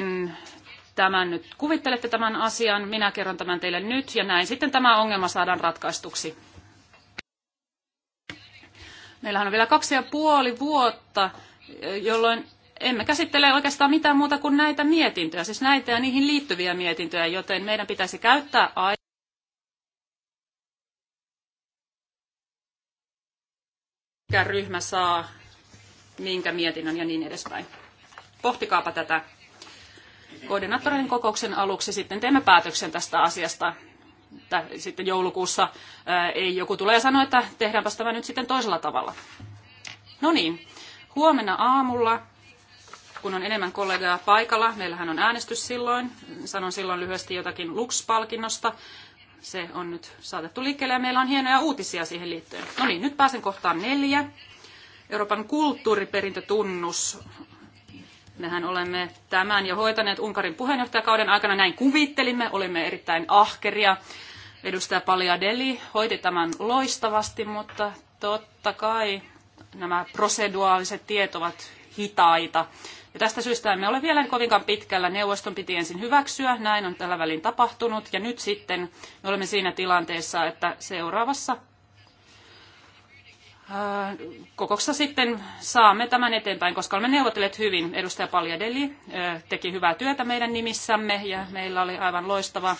miten tämän nyt kuvittelette tämän asian, minä kerron tämän teille nyt ja näin sitten tämä ongelma saadaan ratkaistuksi. Meillähän on vielä kaksi ja puoli vuotta, jolloin emme käsittele oikeastaan mitään muuta kuin näitä mietintöjä, siis näitä ja niihin liittyviä mietintöjä, joten meidän pitäisi käyttää aikaa. ryhmä saa minkä mietinnön ja niin edespäin. Pohtikaapa tätä koordinaattoreiden kokouksen aluksi sitten teemme päätöksen tästä asiasta. Tai sitten joulukuussa ei joku tule ja sano, että tehdäänpä tämä nyt sitten toisella tavalla. No niin, huomenna aamulla, kun on enemmän kollegaa paikalla, meillähän on äänestys silloin, sanon silloin lyhyesti jotakin Lux-palkinnosta, se on nyt saatettu liikkeelle ja meillä on hienoja uutisia siihen liittyen. No niin, nyt pääsen kohtaan neljä. Euroopan kulttuuriperintötunnus Mehän olemme tämän jo hoitaneet Unkarin puheenjohtajakauden aikana, näin kuvittelimme, olimme erittäin ahkeria. Edustaja Paliadeli hoiti tämän loistavasti, mutta totta kai nämä proseduaaliset tiet ovat hitaita. Ja tästä syystä emme ole vielä kovinkaan pitkällä. Neuvoston piti ensin hyväksyä, näin on tällä välin tapahtunut, ja nyt sitten me olemme siinä tilanteessa, että seuraavassa Äh, kokouksessa sitten saamme tämän eteenpäin, koska olemme neuvotelleet hyvin. Edustaja Paljadeli äh, teki hyvää työtä meidän nimissämme ja meillä oli aivan loistava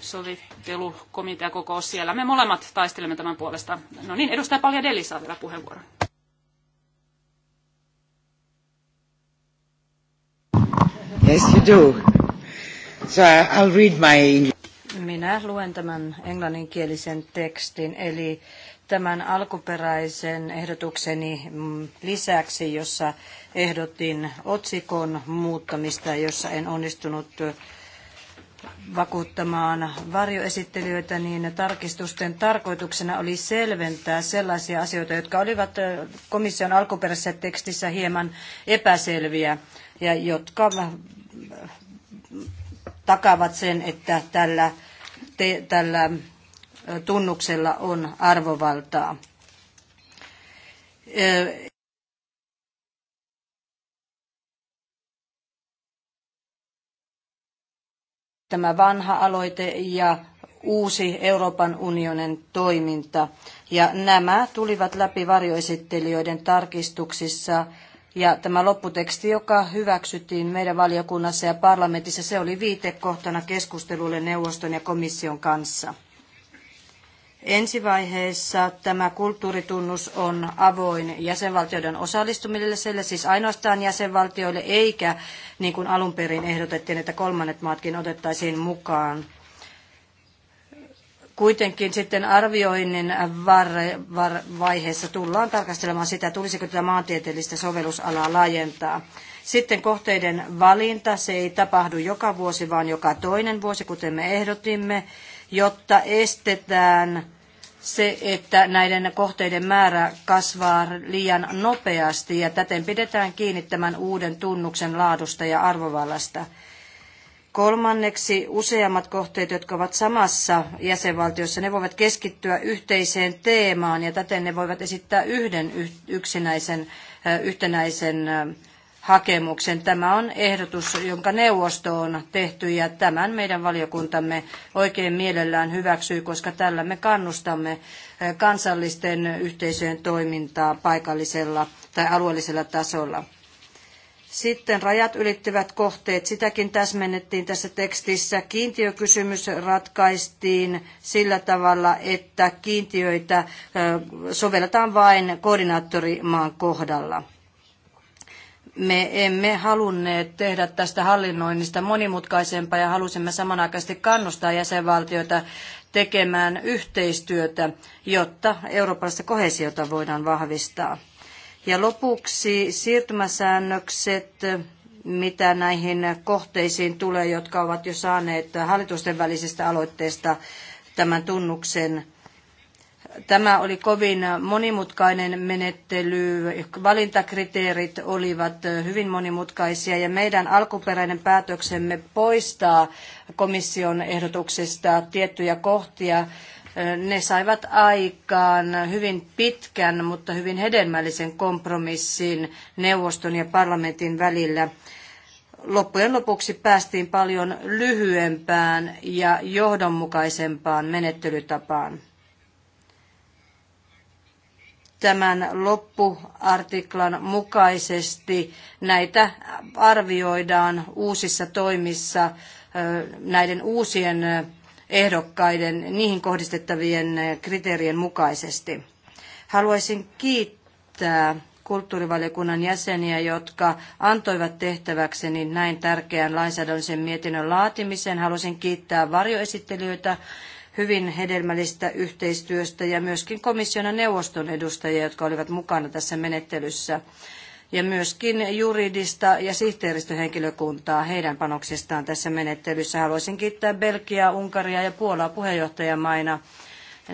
sovittelukomiteakokous siellä. Me molemmat taistelemme tämän puolesta. No niin, edustaja Paljadeli saa vielä puheenvuoron. Yes, you do. So I'll read my Minä luen tämän englanninkielisen tekstin, eli tämän alkuperäisen ehdotukseni lisäksi, jossa ehdotin otsikon muuttamista, jossa en onnistunut vakuuttamaan varjoesittelijöitä, niin tarkistusten tarkoituksena oli selventää sellaisia asioita, jotka olivat komission alkuperäisessä tekstissä hieman epäselviä ja jotka takaavat sen, että tällä, te, tällä tunnuksella on arvovaltaa. Tämä vanha aloite ja uusi Euroopan unionin toiminta. Ja nämä tulivat läpi varjoesittelijöiden tarkistuksissa. Ja tämä lopputeksti, joka hyväksyttiin meidän valiokunnassa ja parlamentissa, se oli viitekohtana keskustelulle neuvoston ja komission kanssa. Ensivaiheessa tämä kulttuuritunnus on avoin jäsenvaltioiden osallistumiselle, siis ainoastaan jäsenvaltioille, eikä niin kuin alun perin ehdotettiin, että kolmannet maatkin otettaisiin mukaan. Kuitenkin sitten arvioinnin var, vaiheessa tullaan tarkastelemaan sitä, tulisiko tätä maantieteellistä sovellusalaa laajentaa. Sitten kohteiden valinta, se ei tapahdu joka vuosi, vaan joka toinen vuosi, kuten me ehdotimme jotta estetään se, että näiden kohteiden määrä kasvaa liian nopeasti ja täten pidetään kiinni tämän uuden tunnuksen laadusta ja arvovallasta. Kolmanneksi useammat kohteet, jotka ovat samassa jäsenvaltiossa, ne voivat keskittyä yhteiseen teemaan ja täten ne voivat esittää yhden yksinäisen yhtenäisen hakemuksen. Tämä on ehdotus, jonka neuvosto on tehty ja tämän meidän valiokuntamme oikein mielellään hyväksyy, koska tällä me kannustamme eh, kansallisten yhteisöjen toimintaa paikallisella tai alueellisella tasolla. Sitten rajat ylittävät kohteet, sitäkin täsmennettiin tässä tekstissä. Kiintiökysymys ratkaistiin sillä tavalla, että kiintiöitä eh, sovelletaan vain koordinaattorimaan kohdalla me emme halunneet tehdä tästä hallinnoinnista monimutkaisempaa ja halusimme samanaikaisesti kannustaa jäsenvaltioita tekemään yhteistyötä, jotta eurooppalaista kohesiota voidaan vahvistaa. Ja lopuksi siirtymäsäännökset, mitä näihin kohteisiin tulee, jotka ovat jo saaneet hallitusten välisistä aloitteista tämän tunnuksen Tämä oli kovin monimutkainen menettely, valintakriteerit olivat hyvin monimutkaisia ja meidän alkuperäinen päätöksemme poistaa komission ehdotuksesta tiettyjä kohtia, ne saivat aikaan hyvin pitkän, mutta hyvin hedelmällisen kompromissin neuvoston ja parlamentin välillä loppujen lopuksi päästiin paljon lyhyempään ja johdonmukaisempaan menettelytapaan tämän loppuartiklan mukaisesti näitä arvioidaan uusissa toimissa näiden uusien ehdokkaiden niihin kohdistettavien kriteerien mukaisesti. Haluaisin kiittää kulttuurivaliokunnan jäseniä, jotka antoivat tehtäväkseni näin tärkeän lainsäädännöllisen mietinnön laatimisen. Haluaisin kiittää varjoesittelijöitä hyvin hedelmällistä yhteistyöstä ja myöskin komission ja neuvoston edustajia, jotka olivat mukana tässä menettelyssä. Ja myöskin juridista ja sihteeristöhenkilökuntaa heidän panoksestaan tässä menettelyssä. Haluaisin kiittää Belgiaa, Unkaria ja Puolaa puheenjohtajamaina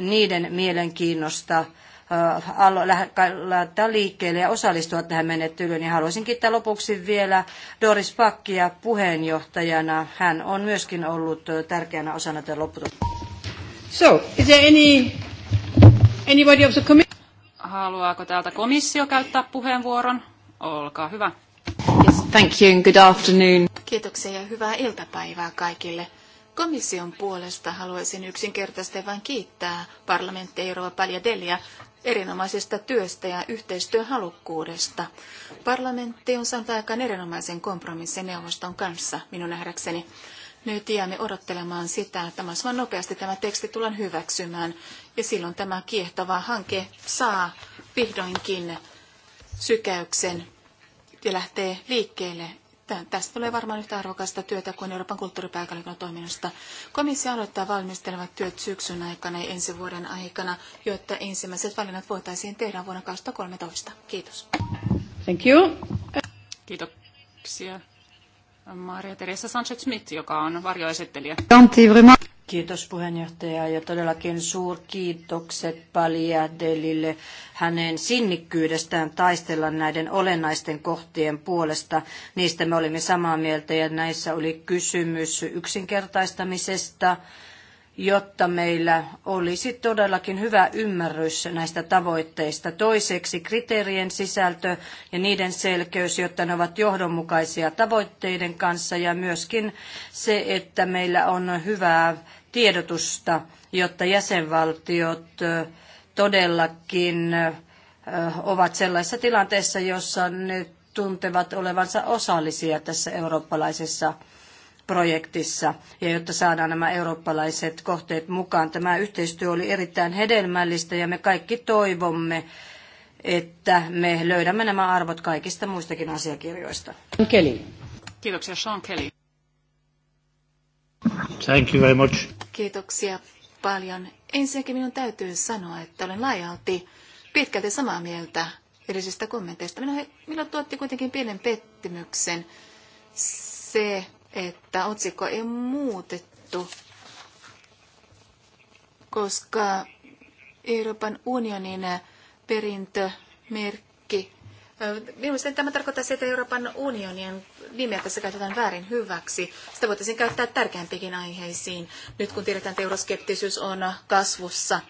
niiden mielenkiinnosta äh, laittaa liikkeelle ja osallistua tähän menettelyyn. Ja haluaisin kiittää lopuksi vielä Doris Pakkia puheenjohtajana. Hän on myöskin ollut tärkeänä osana tätä lopputulosta. So, is there any, anybody of the committee? Haluaako täältä komissio käyttää puheenvuoron? Olkaa hyvä. Yes, thank you and good afternoon. Kiitoksia ja hyvää iltapäivää kaikille. Komission puolesta haluaisin yksinkertaisesti vain kiittää parlamentti Euroopan Paljadelia erinomaisesta työstä ja yhteistyöhalukkuudesta. Parlamentti on saanut aikaan erinomaisen kompromissin neuvoston kanssa, minun nähdäkseni. Nyt jäämme odottelemaan sitä, että mahdollisimman nopeasti tämä teksti tullaan hyväksymään. Ja silloin tämä kiehtova hanke saa vihdoinkin sykäyksen ja lähtee liikkeelle. Tästä tulee varmaan yhtä arvokasta työtä kuin Euroopan kulttuuripääkallikon toiminnasta. Komissio aloittaa valmistelevat työt syksyn aikana ja ensi vuoden aikana, jotta ensimmäiset valinnat voitaisiin tehdä vuonna 2013. Kiitos. Thank you. Kiitoksia. Maria Teresa Sanchez-Smith, joka on varjoesittelijä. Kiitos puheenjohtaja ja todellakin suurkiitokset Delille hänen sinnikkyydestään taistella näiden olennaisten kohtien puolesta. Niistä me olimme samaa mieltä ja näissä oli kysymys yksinkertaistamisesta, jotta meillä olisi todellakin hyvä ymmärrys näistä tavoitteista. Toiseksi kriteerien sisältö ja niiden selkeys, jotta ne ovat johdonmukaisia tavoitteiden kanssa ja myöskin se, että meillä on hyvää tiedotusta, jotta jäsenvaltiot todellakin ovat sellaisessa tilanteessa, jossa ne tuntevat olevansa osallisia tässä eurooppalaisessa projektissa ja jotta saadaan nämä eurooppalaiset kohteet mukaan. Tämä yhteistyö oli erittäin hedelmällistä ja me kaikki toivomme, että me löydämme nämä arvot kaikista muistakin asiakirjoista. Kelly. Kiitoksia Sean Kelly. Thank you very much. Kiitoksia paljon. Ensinnäkin minun täytyy sanoa, että olen laajalti pitkälti samaa mieltä edellisistä kommenteista. Minua, minua tuotti kuitenkin pienen pettymyksen se että otsikko ei muutettu, koska Euroopan unionin perintömerkki. Mielestäni tämä tarkoittaa sitä, että Euroopan unionin nimeä tässä käytetään väärin hyväksi. Sitä voitaisiin käyttää tärkeämpikin aiheisiin, nyt kun tiedetään, että euroskeptisyys on kasvussa.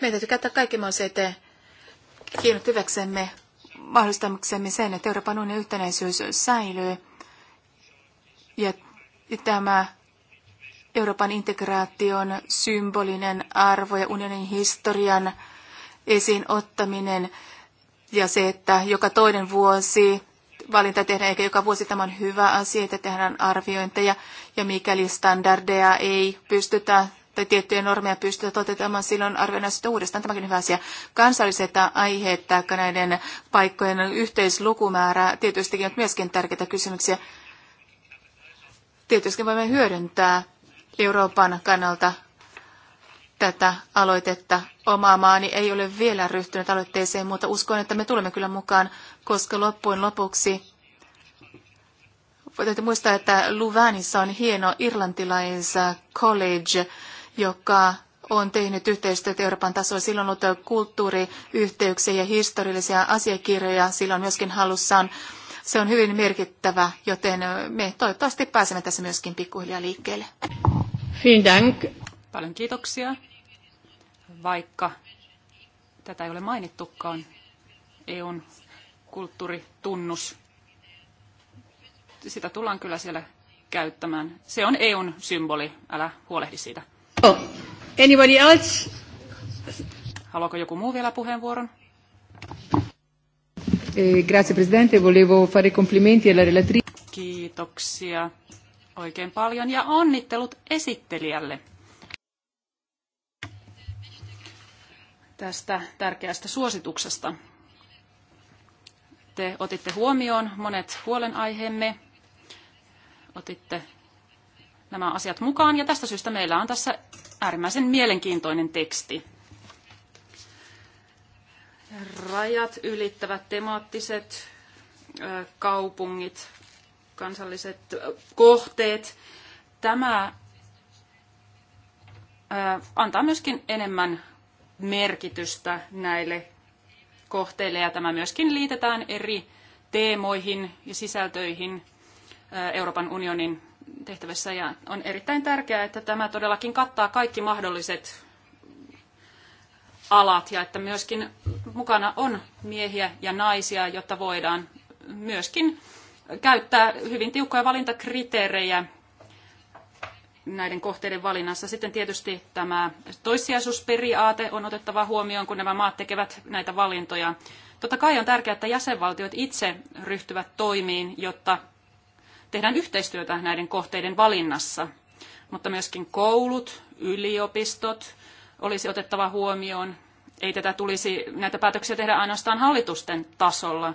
Meidän täytyy käyttää kaikki mahdolliset hyväksemme mahdollistamiksemme sen, että Euroopan unionin yhtenäisyys säilyy ja tämä Euroopan integraation symbolinen arvo ja unionin historian esiin ottaminen ja se, että joka toinen vuosi valinta tehdään, eikä joka vuosi tämä on hyvä asia, että tehdään arviointeja ja mikäli standardeja ei pystytä tai tiettyjä normeja pystytä toteuttamaan, silloin arvioidaan sitä uudestaan. Tämäkin hyvä asia. Kansalliset aiheet tai näiden paikkojen yhteislukumäärä tietystikin on myöskin tärkeitä kysymyksiä. Tietysti voimme hyödyntää Euroopan kannalta tätä aloitetta. Oma maani ei ole vielä ryhtynyt aloitteeseen, mutta uskon, että me tulemme kyllä mukaan, koska loppujen lopuksi täytyy muistaa, että Luvanissa on hieno Irlantilainen college, joka on tehnyt yhteistyötä Euroopan tasolla. Sillä on ollut kulttuuriyhteyksiä ja historiallisia asiakirjoja. Sillä on myöskin halussaan se on hyvin merkittävä, joten me toivottavasti pääsemme tässä myöskin pikkuhiljaa liikkeelle. Dank. Paljon kiitoksia. Vaikka tätä ei ole mainittukaan, EUn kulttuuritunnus, sitä tullaan kyllä siellä käyttämään. Se on EUn symboli, älä huolehdi siitä. Oh. Anybody else? Haluaako joku muu vielä puheenvuoron? Eh, grazie Presidente, volevo fare complimenti alla relatrice. Kiitoksia oikein paljon ja onnittelut esittelijälle tästä tärkeästä suosituksesta. Te otitte huomioon monet huolenaiheemme, otitte nämä asiat mukaan ja tästä syystä meillä on tässä äärimmäisen mielenkiintoinen teksti rajat ylittävät temaattiset kaupungit, kansalliset kohteet. Tämä antaa myöskin enemmän merkitystä näille kohteille ja tämä myöskin liitetään eri teemoihin ja sisältöihin Euroopan unionin tehtävässä ja on erittäin tärkeää, että tämä todellakin kattaa kaikki mahdolliset alat ja että myöskin mukana on miehiä ja naisia, jotta voidaan myöskin käyttää hyvin tiukkoja valintakriteerejä näiden kohteiden valinnassa. Sitten tietysti tämä toissijaisuusperiaate on otettava huomioon, kun nämä maat tekevät näitä valintoja. Totta kai on tärkeää, että jäsenvaltiot itse ryhtyvät toimiin, jotta tehdään yhteistyötä näiden kohteiden valinnassa. Mutta myöskin koulut, yliopistot, olisi otettava huomioon. Ei tätä tulisi, näitä päätöksiä tehdä ainoastaan hallitusten tasolla.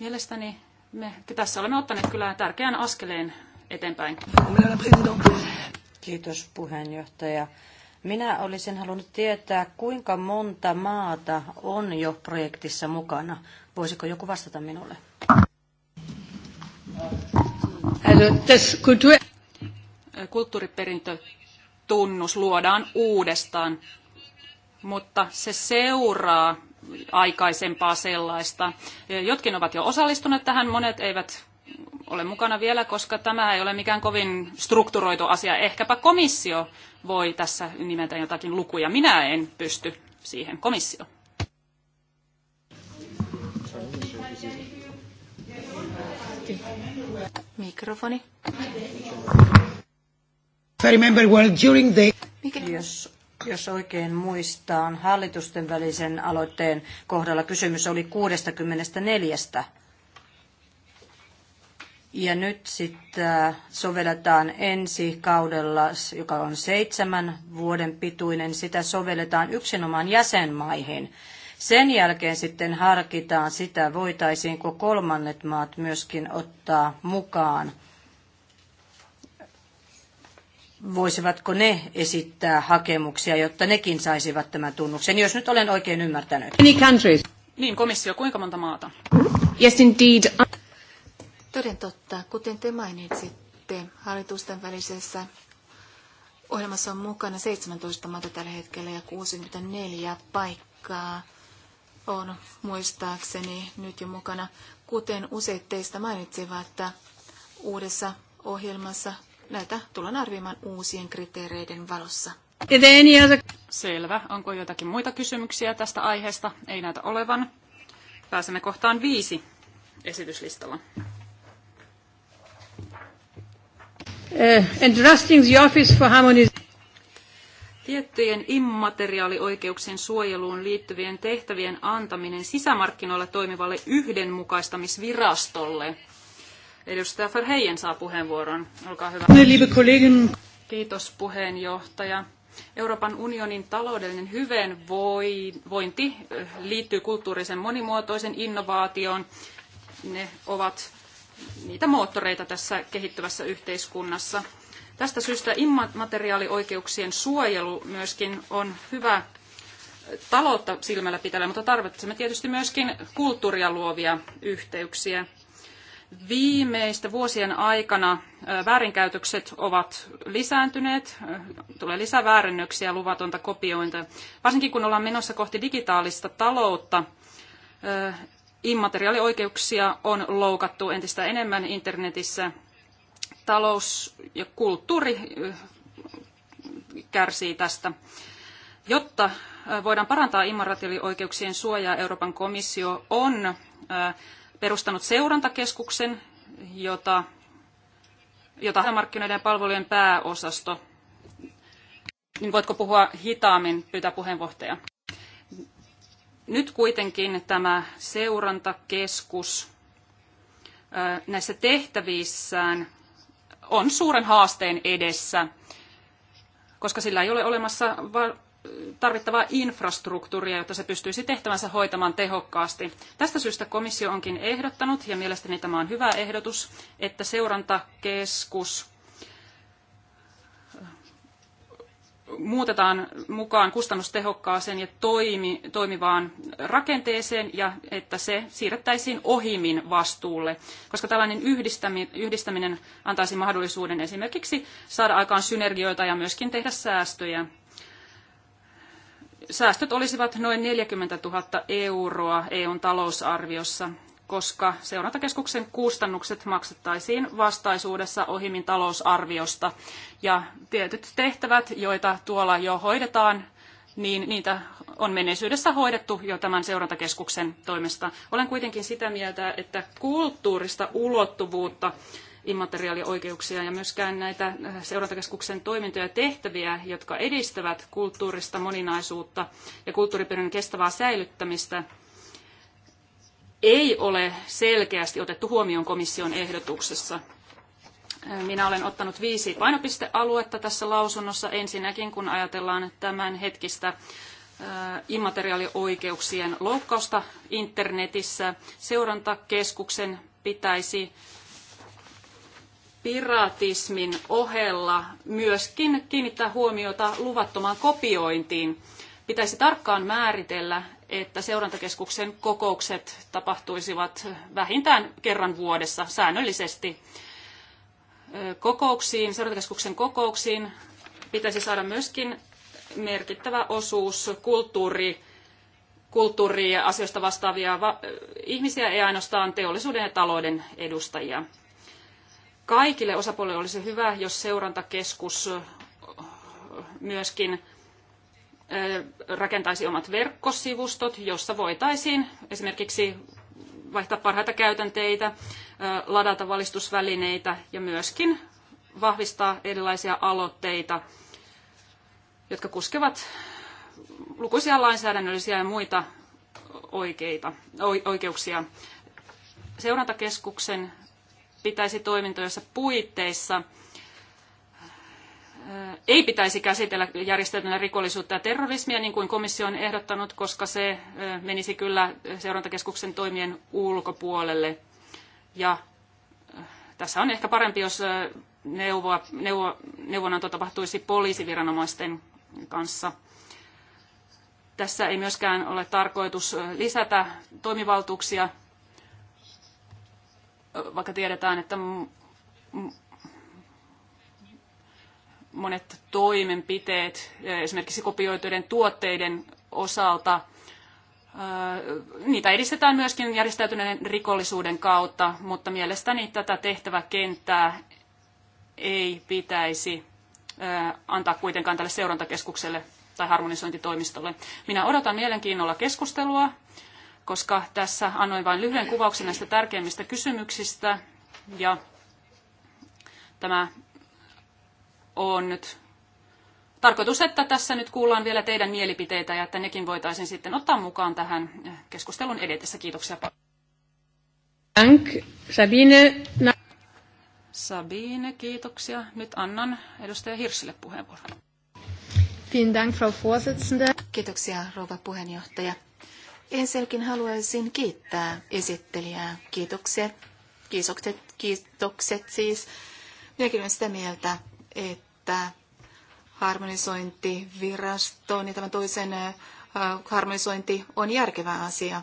Mielestäni me tässä olemme ottaneet kyllä tärkeän askeleen eteenpäin. Kiitos puheenjohtaja. Minä olisin halunnut tietää, kuinka monta maata on jo projektissa mukana. Voisiko joku vastata minulle? Kulttuuriperintö tunnus luodaan uudestaan, mutta se seuraa aikaisempaa sellaista. Jotkin ovat jo osallistuneet tähän, monet eivät ole mukana vielä, koska tämä ei ole mikään kovin strukturoitu asia. Ehkäpä komissio voi tässä nimetä jotakin lukuja. Minä en pysty siihen komissio. Mikrofoni. Jos, jos oikein muistaan, hallitusten välisen aloitteen kohdalla kysymys oli 64. Ja nyt sitten äh, sovelletaan ensi kaudella, joka on seitsemän vuoden pituinen, sitä sovelletaan yksinomaan jäsenmaihin. Sen jälkeen sitten harkitaan sitä, voitaisiinko kolmannet maat myöskin ottaa mukaan voisivatko ne esittää hakemuksia, jotta nekin saisivat tämän tunnuksen, jos nyt olen oikein ymmärtänyt. Many countries? Niin, komissio, kuinka monta maata? Yes, indeed. Toden totta, kuten te mainitsitte, hallitusten välisessä ohjelmassa on mukana 17 maata tällä hetkellä ja 64 paikkaa on muistaakseni nyt jo mukana. Kuten useat teistä mainitsivat, että uudessa ohjelmassa näitä tullaan arvioimaan uusien kriteereiden valossa. Selvä. Onko jotakin muita kysymyksiä tästä aiheesta? Ei näitä olevan. Pääsemme kohtaan viisi esityslistalla. Uh, entrusting the Office for Harmonization. Tiettyjen immateriaalioikeuksien suojeluun liittyvien tehtävien antaminen sisämarkkinoilla toimivalle yhdenmukaistamisvirastolle. Edustaja Verheijen saa puheenvuoron. Olkaa hyvä. Kiitos puheenjohtaja. Euroopan unionin taloudellinen hyvinvointi eh, liittyy kulttuurisen monimuotoisen innovaatioon. Ne ovat niitä moottoreita tässä kehittyvässä yhteiskunnassa. Tästä syystä immateriaalioikeuksien suojelu myöskin on hyvä eh, taloutta silmällä pitää, mutta tarvitsemme tietysti myöskin kulttuuria luovia yhteyksiä viimeistä vuosien aikana väärinkäytökset ovat lisääntyneet, tulee lisää väärennöksiä, luvatonta kopiointia. Varsinkin kun ollaan menossa kohti digitaalista taloutta, immateriaalioikeuksia on loukattu entistä enemmän internetissä. Talous ja kulttuuri kärsii tästä. Jotta voidaan parantaa immateriaalioikeuksien suojaa, Euroopan komissio on perustanut seurantakeskuksen, jota, jota markkinoiden ja palvelujen pääosasto. Niin voitko puhua hitaammin, pyytää puheenvohtaja. Nyt kuitenkin tämä seurantakeskus näissä tehtävissään on suuren haasteen edessä, koska sillä ei ole olemassa tarvittavaa infrastruktuuria, jotta se pystyisi tehtävänsä hoitamaan tehokkaasti. Tästä syystä komissio onkin ehdottanut, ja mielestäni tämä on hyvä ehdotus, että seurantakeskus muutetaan mukaan kustannustehokkaaseen ja toimi, toimivaan rakenteeseen ja että se siirrettäisiin ohimin vastuulle, koska tällainen yhdistäminen, yhdistäminen antaisi mahdollisuuden esimerkiksi saada aikaan synergioita ja myöskin tehdä säästöjä. Säästöt olisivat noin 40 000 euroa EUn talousarviossa, koska seurantakeskuksen kustannukset maksettaisiin vastaisuudessa ohimin talousarviosta. Ja tietyt tehtävät, joita tuolla jo hoidetaan, niin niitä on menneisyydessä hoidettu jo tämän seurantakeskuksen toimesta. Olen kuitenkin sitä mieltä, että kulttuurista ulottuvuutta immateriaalioikeuksia ja myöskään näitä äh, seurantakeskuksen toimintoja ja tehtäviä, jotka edistävät kulttuurista moninaisuutta ja kulttuuriperinnön kestävää säilyttämistä, ei ole selkeästi otettu huomioon komission ehdotuksessa. Äh, minä olen ottanut viisi painopistealuetta tässä lausunnossa. Ensinnäkin, kun ajatellaan tämän hetkistä äh, immateriaalioikeuksien loukkausta internetissä, seurantakeskuksen pitäisi piratismin ohella myöskin kiinnittää huomiota luvattomaan kopiointiin. Pitäisi tarkkaan määritellä, että seurantakeskuksen kokoukset tapahtuisivat vähintään kerran vuodessa säännöllisesti. Kokouksiin, seurantakeskuksen kokouksiin pitäisi saada myöskin merkittävä osuus kulttuuri, kulttuuriasioista vastaavia ihmisiä, ei ainoastaan teollisuuden ja talouden edustajia kaikille osapuolille olisi hyvä, jos seurantakeskus myöskin rakentaisi omat verkkosivustot, jossa voitaisiin esimerkiksi vaihtaa parhaita käytänteitä, ladata valistusvälineitä ja myöskin vahvistaa erilaisia aloitteita, jotka koskevat lukuisia lainsäädännöllisiä ja muita oikeita, oikeuksia. Seurantakeskuksen pitäisi toimintojensa puitteissa ei pitäisi käsitellä järjestäytynä rikollisuutta ja terrorismia, niin kuin komissio on ehdottanut, koska se menisi kyllä seurantakeskuksen toimien ulkopuolelle. Ja tässä on ehkä parempi, jos neuvoa, neuvo, neuvonanto tapahtuisi poliisiviranomaisten kanssa. Tässä ei myöskään ole tarkoitus lisätä toimivaltuuksia vaikka tiedetään, että monet toimenpiteet esimerkiksi kopioituiden tuotteiden osalta, niitä edistetään myöskin järjestäytyneen rikollisuuden kautta, mutta mielestäni tätä tehtäväkenttää ei pitäisi antaa kuitenkaan tälle seurantakeskukselle tai harmonisointitoimistolle. Minä odotan mielenkiinnolla keskustelua koska tässä annoin vain lyhyen kuvauksen näistä tärkeimmistä kysymyksistä. Ja tämä on nyt tarkoitus, että tässä nyt kuullaan vielä teidän mielipiteitä ja että nekin voitaisiin sitten ottaa mukaan tähän keskustelun edetessä. Kiitoksia paljon. Thank Sabine. Sabine, kiitoksia. Nyt annan edustaja Hirsille puheenvuoron. Vielen Dank, Frau Vorsitzende. Kiitoksia, rouva puheenjohtaja. Ensinnäkin haluaisin kiittää esittelijää. Kiitokset. Kiitokset, kiitokset siis. Minäkin olen sitä mieltä, että harmonisointivirasto, ja niin tämän toisen äh, harmonisointi on järkevä asia.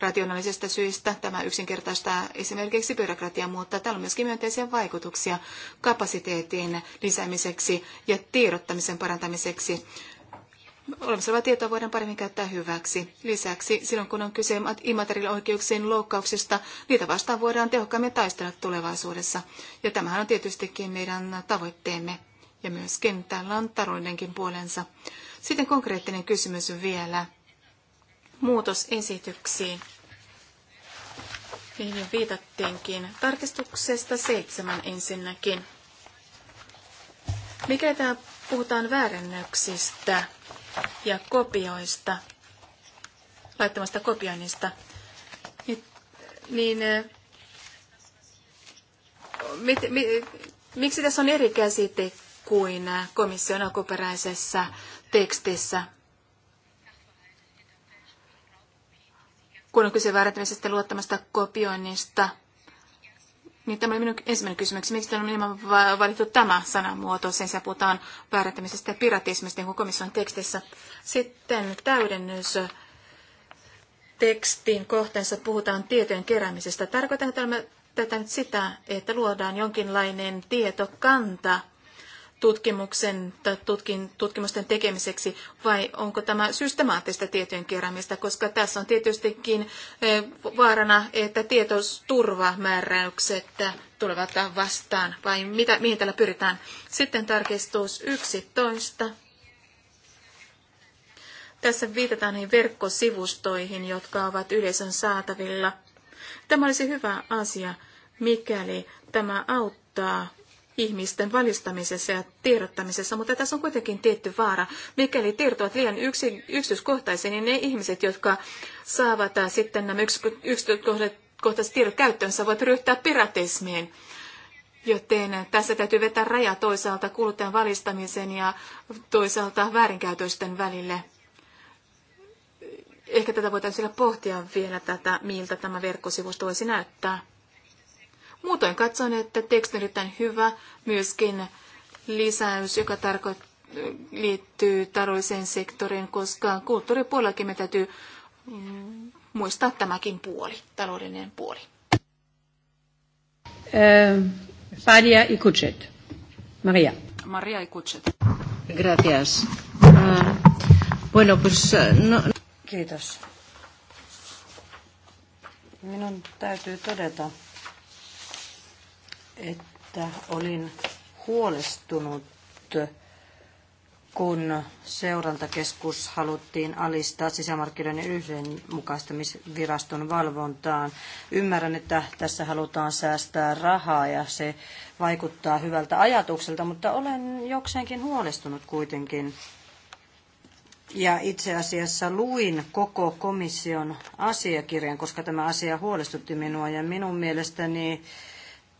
Rationaalisesta syistä tämä yksinkertaistaa esimerkiksi byrokratiaa, mutta täällä on myöskin myönteisiä vaikutuksia kapasiteetin lisäämiseksi ja tiedottamisen parantamiseksi olemassa olevaa tietoa voidaan paremmin käyttää hyväksi. Lisäksi silloin kun on kyse immateriaalioikeuksien loukkauksista, niitä vastaan voidaan tehokkaammin taistella tulevaisuudessa. Ja tämähän on tietystikin meidän tavoitteemme. Ja myöskin täällä on taloudenkin puolensa. Sitten konkreettinen kysymys vielä muutosesityksiin. Niihin viitattiinkin. Tarkistuksesta seitsemän ensinnäkin. Mikä tämä puhutaan väärännöksistä? ja kopioista, laittamasta kopioinnista, niin mit, mit, miksi tässä on eri käsite kuin komission alkuperäisessä tekstissä? Kun on kyse väärätämisestä luottamasta kopioinnista, niin tämä oli minun ensimmäinen kysymys. Miksi täällä on ilman valittu tämä sanamuoto? Sen sijaan puhutaan väärätämisestä ja piratismista, niin kuin komission tekstissä. Sitten täydennys tekstin kohteessa puhutaan tietojen keräämisestä. Tarkoitan tätä nyt sitä, että luodaan jonkinlainen tietokanta, tutkimuksen tai tutkin, tutkimusten tekemiseksi vai onko tämä systemaattista tietojen keräämistä, koska tässä on tietystikin vaarana, että tietosturvamääräykset tulevat vastaan vai mitä, mihin tällä pyritään. Sitten tarkistus 11. Tässä viitataan niihin verkkosivustoihin, jotka ovat yleisön saatavilla. Tämä olisi hyvä asia, mikäli tämä auttaa ihmisten valistamisessa ja tiedottamisessa, mutta tässä on kuitenkin tietty vaara. Mikäli tiedot liian yksi, yksityiskohtaisia, niin ne ihmiset, jotka saavat äh, sitten nämä yksityiskohtaiset tiedot käyttöönsä, voivat ryhtyä piratismiin. Joten äh, tässä täytyy vetää raja toisaalta kuluttajan valistamisen ja toisaalta väärinkäytösten välille. Ehkä tätä voitaisiin pohtia vielä tätä, miltä tämä verkkosivusto voisi näyttää. Muutoin katson, että teksti on erittäin hyvä, myöskin lisäys, joka tarkoittaa liittyy taloudelliseen sektoriin, koska kulttuuripuolellakin me täytyy mm, muistaa tämäkin puoli, taloudellinen puoli. Maria Ikuchet. Maria. Maria Ikuchet. Gracias. Ah, bueno, pues, eh, no... Kiitos. Minun täytyy todeta, että olin huolestunut, kun seurantakeskus haluttiin alistaa sisämarkkinoiden yhdenmukaistamisviraston valvontaan. Ymmärrän, että tässä halutaan säästää rahaa ja se vaikuttaa hyvältä ajatukselta, mutta olen jokseenkin huolestunut kuitenkin. Ja itse asiassa luin koko komission asiakirjan, koska tämä asia huolestutti minua ja minun mielestäni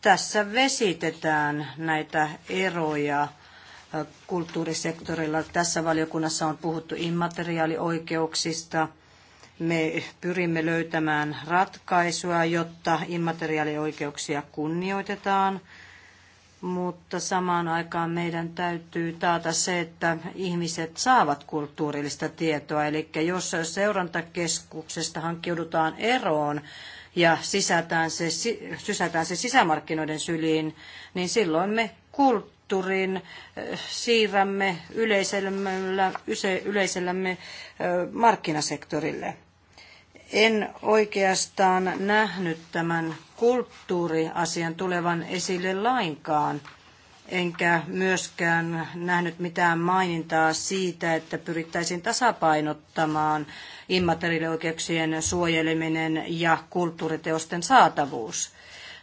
tässä vesitetään näitä eroja kulttuurisektorilla. Tässä valiokunnassa on puhuttu immateriaalioikeuksista. Me pyrimme löytämään ratkaisua, jotta immateriaalioikeuksia kunnioitetaan, mutta samaan aikaan meidän täytyy taata se, että ihmiset saavat kulttuurillista tietoa. Eli jos seurantakeskuksesta hankkiudutaan eroon, ja sisätään se, sysätään se sisämarkkinoiden syliin, niin silloin me kulttuurin siirrämme yleisellämme, yleisellämme markkinasektorille. En oikeastaan nähnyt tämän kulttuuriasian tulevan esille lainkaan enkä myöskään nähnyt mitään mainintaa siitä, että pyrittäisiin tasapainottamaan immateriaalioikeuksien suojeleminen ja kulttuuriteosten saatavuus.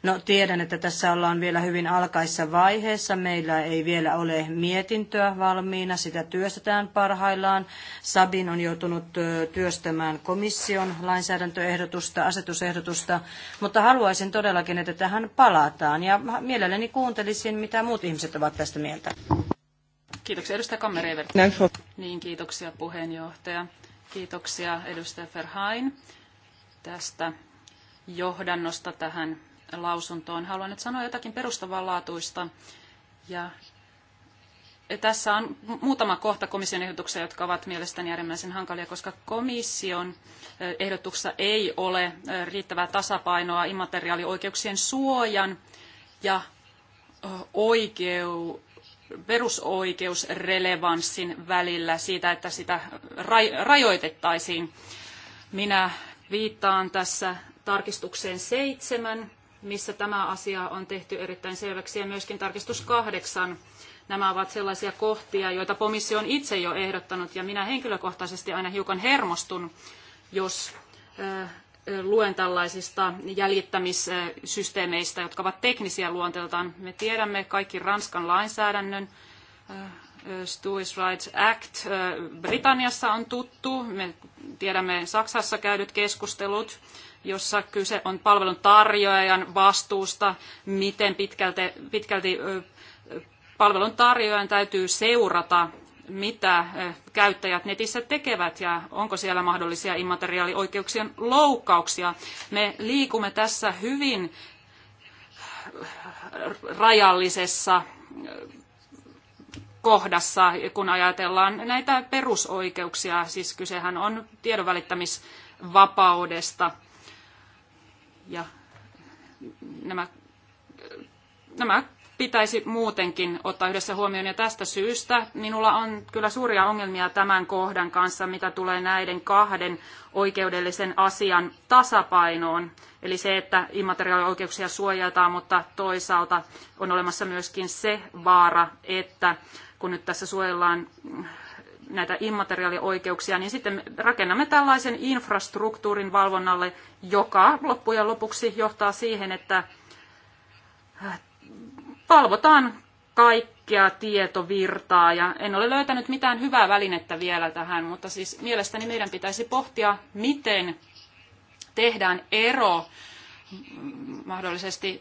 No tiedän, että tässä ollaan vielä hyvin alkaissa vaiheessa. Meillä ei vielä ole mietintöä valmiina, sitä työstetään parhaillaan. Sabin on joutunut työstämään komission lainsäädäntöehdotusta, asetusehdotusta, mutta haluaisin todellakin, että tähän palataan. Ja mielelläni kuuntelisin, mitä muut ihmiset ovat tästä mieltä. Kiitoksia edustaja Kammerever. Niin, kiitoksia puheenjohtaja. Kiitoksia edustaja Ferhain tästä johdannosta tähän lausuntoon. Haluan nyt sanoa jotakin perustavanlaatuista. Ja e, tässä on muutama kohta komission ehdotuksia, jotka ovat mielestäni äärimmäisen hankalia, koska komission e, ehdotuksessa ei ole e, riittävää tasapainoa immateriaalioikeuksien suojan ja oikeu, perusoikeusrelevanssin välillä siitä, että sitä rajoitettaisiin. Minä viittaan tässä tarkistukseen seitsemän, missä tämä asia on tehty erittäin selväksi, ja myöskin tarkistus kahdeksan. Nämä ovat sellaisia kohtia, joita komissio on itse jo ehdottanut, ja minä henkilökohtaisesti aina hiukan hermostun, jos luen tällaisista jäljittämissysteemeistä, jotka ovat teknisiä luonteeltaan. Me tiedämme kaikki Ranskan lainsäädännön. Äh, äh, Stewards Rights Act äh, Britanniassa on tuttu. Me tiedämme Saksassa käydyt keskustelut, jossa kyse on palvelun tarjoajan vastuusta, miten pitkälti, pitkälti palvelun tarjoajan täytyy seurata mitä eh, käyttäjät netissä tekevät ja onko siellä mahdollisia immateriaalioikeuksien loukkauksia. Me liikumme tässä hyvin eh, rajallisessa eh, kohdassa, kun ajatellaan näitä perusoikeuksia. Siis kysehän on tiedonvälittämisvapaudesta. Ja nämä, nämä pitäisi muutenkin ottaa yhdessä huomioon. Ja tästä syystä minulla on kyllä suuria ongelmia tämän kohdan kanssa, mitä tulee näiden kahden oikeudellisen asian tasapainoon. Eli se, että immateriaalioikeuksia suojataan, mutta toisaalta on olemassa myöskin se vaara, että kun nyt tässä suojellaan näitä immateriaalioikeuksia, niin sitten rakennamme tällaisen infrastruktuurin valvonnalle, joka loppujen lopuksi johtaa siihen, että valvotaan kaikkea tietovirtaa ja en ole löytänyt mitään hyvää välinettä vielä tähän, mutta siis mielestäni meidän pitäisi pohtia, miten tehdään ero mahdollisesti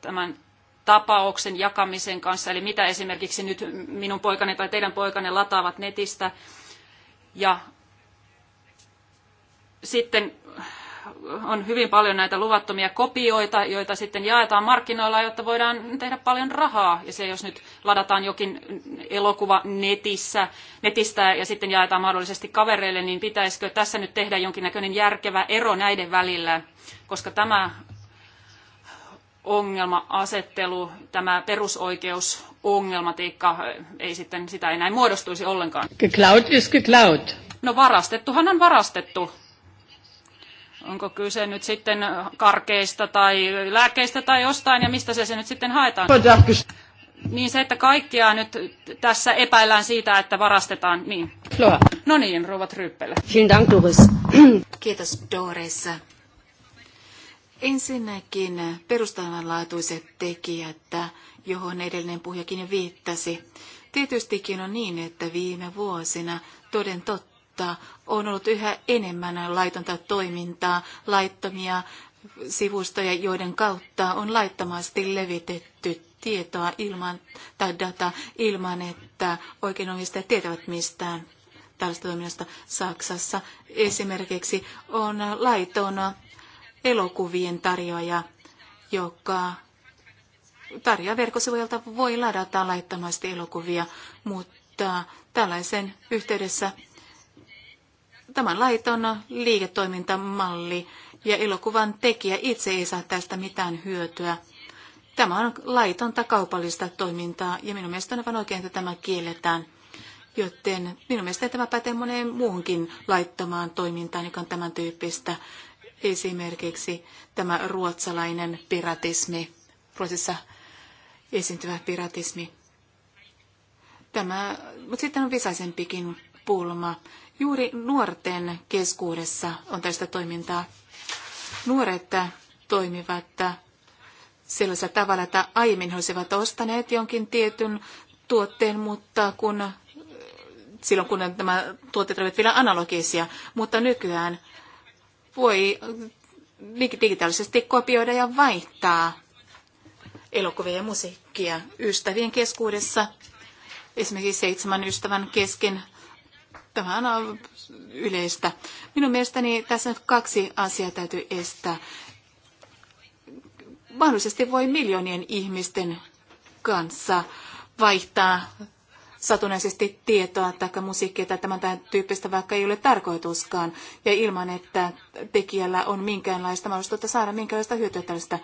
tämän tapauksen jakamisen kanssa, eli mitä esimerkiksi nyt minun poikani tai teidän poikanne lataavat netistä, ja sitten on hyvin paljon näitä luvattomia kopioita, joita sitten jaetaan markkinoilla, jotta voidaan tehdä paljon rahaa. Ja se, jos nyt ladataan jokin elokuva netissä, netistä ja sitten jaetaan mahdollisesti kavereille, niin pitäisikö tässä nyt tehdä jonkinnäköinen järkevä ero näiden välillä, koska tämä ongelma-asettelu, tämä ongelmatiikka, ei sitten sitä enää muodostuisi ollenkaan. Geklaut is geklaut. No varastettuhan on varastettu. Onko kyse nyt sitten karkeista tai lääkkeistä tai jostain ja mistä se, se nyt sitten haetaan? Niin se, että kaikkia nyt tässä epäillään siitä, että varastetaan, niin. No niin, rouva ryppele. Kiitos Doris. Ensinnäkin perustavanlaatuiset tekijät, johon edellinen puhujakin viittasi. Tietystikin on niin, että viime vuosina toden totta mutta on ollut yhä enemmän laitonta toimintaa, laittomia sivustoja, joiden kautta on laittomasti levitetty tietoa ilman, tai data ilman, että oikeinomistajat tietävät mistään tällaista toiminnasta Saksassa. Esimerkiksi on laiton elokuvien tarjoaja, joka tarjoaa verkkosivuilta voi ladata laittomasti elokuvia, mutta tällaisen yhteydessä Tämän laiton liiketoimintamalli ja elokuvan tekijä itse ei saa tästä mitään hyötyä. Tämä on laitonta kaupallista toimintaa ja minun mielestäni on aivan oikein, että tämä kielletään. Joten minun mielestäni tämä pätee moneen muuhunkin laittomaan toimintaan, joka on tämän tyyppistä. Esimerkiksi tämä ruotsalainen piratismi, Ruotsissa esiintyvä piratismi. Tämä, mutta sitten on visaisempikin pulma. Juuri nuorten keskuudessa on tästä toimintaa. Nuoret toimivat sellaisella tavalla, että aiemmin he olisivat ostaneet jonkin tietyn tuotteen, mutta kun silloin kun nämä tuotteet olivat vielä analogisia, mutta nykyään voi digitaalisesti kopioida ja vaihtaa elokuvia ja musiikkia ystävien keskuudessa. Esimerkiksi seitsemän ystävän kesken Tämä on yleistä. Minun mielestäni tässä nyt kaksi asiaa täytyy estää. Mahdollisesti voi miljoonien ihmisten kanssa vaihtaa satunnaisesti tietoa tai musiikkia tai tämän tyyppistä, vaikka ei ole tarkoituskaan, ja ilman, että tekijällä on minkäänlaista mahdollisuutta saada minkäänlaista hyötyä tällaista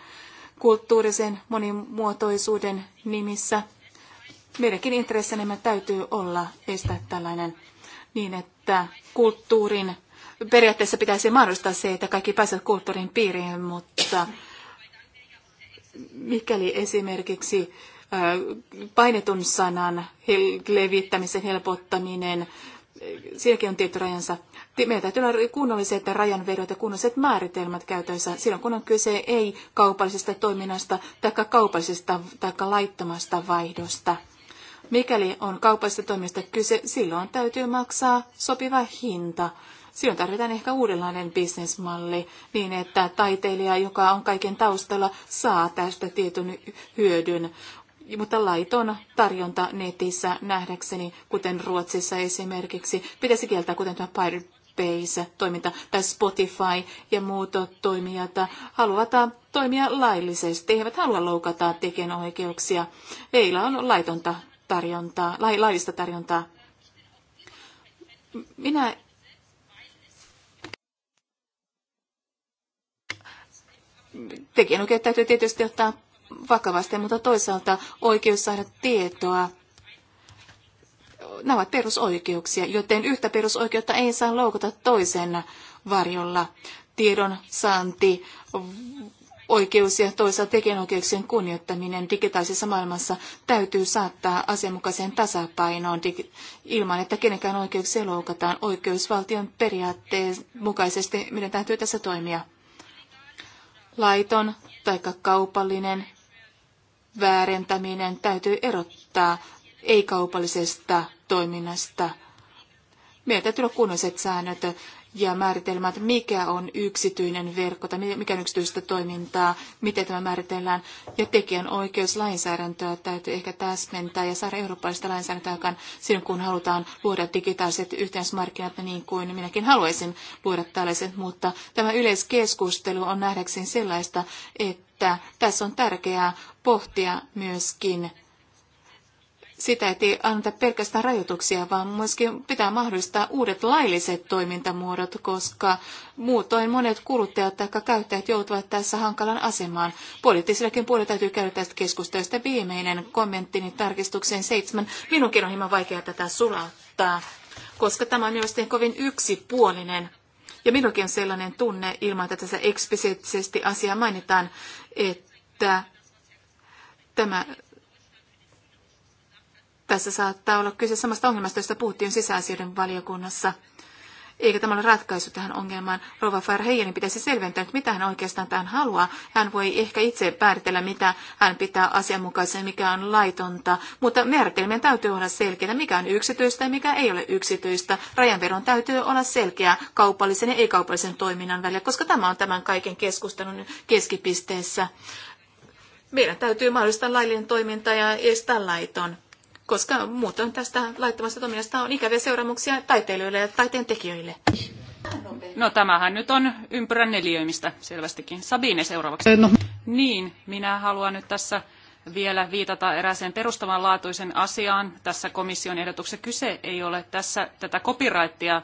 kulttuurisen monimuotoisuuden nimissä. Meidänkin intressinemme täytyy olla estää tällainen niin, että kulttuurin, periaatteessa pitäisi mahdollistaa se, että kaikki pääsevät kulttuurin piiriin, mutta mikäli esimerkiksi painetun sanan levittämisen helpottaminen, sielläkin on tietty rajansa. Meidän täytyy olla kunnolliset rajanvedot ja kunnolliset määritelmät käytössä silloin, kun on kyse ei-kaupallisesta toiminnasta tai kaupallisesta tai laittomasta vaihdosta. Mikäli on kaupallisesta toiminnasta kyse, silloin täytyy maksaa sopiva hinta. Silloin tarvitaan ehkä uudenlainen bisnesmalli niin, että taiteilija, joka on kaiken taustalla, saa tästä tietyn hyödyn. Mutta laiton tarjonta netissä nähdäkseni, kuten Ruotsissa esimerkiksi, pitäisi kieltää, kuten tämä Pirate Base-toiminta tai Spotify ja muut toimijat haluavat toimia laillisesti. He eivät halua loukata tekijänoikeuksia. Heillä on laitonta tarjontaa, laillista tarjontaa. Minä tekijänoikeudet täytyy tietysti ottaa vakavasti, mutta toisaalta oikeus saada tietoa. Nämä ovat perusoikeuksia, joten yhtä perusoikeutta ei saa loukata toisen varjolla. Tiedon saanti, oikeus ja toisaalta tekijänoikeuksien kunnioittaminen digitaalisessa maailmassa täytyy saattaa asianmukaiseen tasapainoon ilman, että kenenkään oikeuksia loukataan oikeusvaltion periaatteen mukaisesti. Meidän täytyy tässä toimia. Laiton tai kaupallinen väärentäminen täytyy erottaa ei-kaupallisesta toiminnasta. Meidän täytyy olla kunnolliset säännöt ja määritelmät, mikä on yksityinen verkko tai mikä on yksityistä toimintaa, miten tämä määritellään. Ja tekijänoikeuslainsäädäntöä täytyy ehkä täsmentää ja saada eurooppalaista lainsäädäntöä aikaan silloin, kun halutaan luoda digitaaliset yhteismarkkinat niin kuin minäkin haluaisin luoda tällaiset. Mutta tämä yleiskeskustelu on nähdäkseni sellaista, että tässä on tärkeää pohtia myöskin sitä, että ei anneta pelkästään rajoituksia, vaan myöskin pitää mahdollistaa uudet lailliset toimintamuodot, koska muutoin monet kuluttajat tai käyttäjät joutuvat tässä hankalan asemaan. Poliittisellakin puolella täytyy käydä tästä keskustelusta viimeinen kommenttini tarkistukseen seitsemän. Minunkin on hieman vaikea tätä sulauttaa, koska tämä on mielestäni kovin yksipuolinen. Ja minunkin on sellainen tunne, ilman että tässä eksplisiittisesti asia mainitaan, että tämä tässä saattaa olla kyse samasta ongelmasta, josta puhuttiin sisäasioiden valiokunnassa. Eikä tämä ole ratkaisu tähän ongelmaan. Rova Farheijanin pitäisi selventää, että mitä hän oikeastaan tähän haluaa. Hän voi ehkä itse päätellä, mitä hän pitää asianmukaisena, mikä on laitonta. Mutta määritelmien täytyy olla selkeä, mikä on yksityistä ja mikä ei ole yksityistä. Rajanveron täytyy olla selkeä kaupallisen ja ei-kaupallisen toiminnan välillä, koska tämä on tämän kaiken keskustelun keskipisteessä. Meidän täytyy mahdollistaa laillinen toiminta ja estää laiton koska muuten tästä laittomasta toiminnasta on ikäviä seuraamuksia taiteilijoille ja taiteen tekijöille. No tämähän nyt on ympyrän neliöimistä selvästikin. Sabine seuraavaksi. No. Niin, minä haluan nyt tässä vielä viitata erääseen perustavanlaatuisen asiaan. Tässä komission ehdotuksessa kyse ei ole tässä tätä copyrightia äh,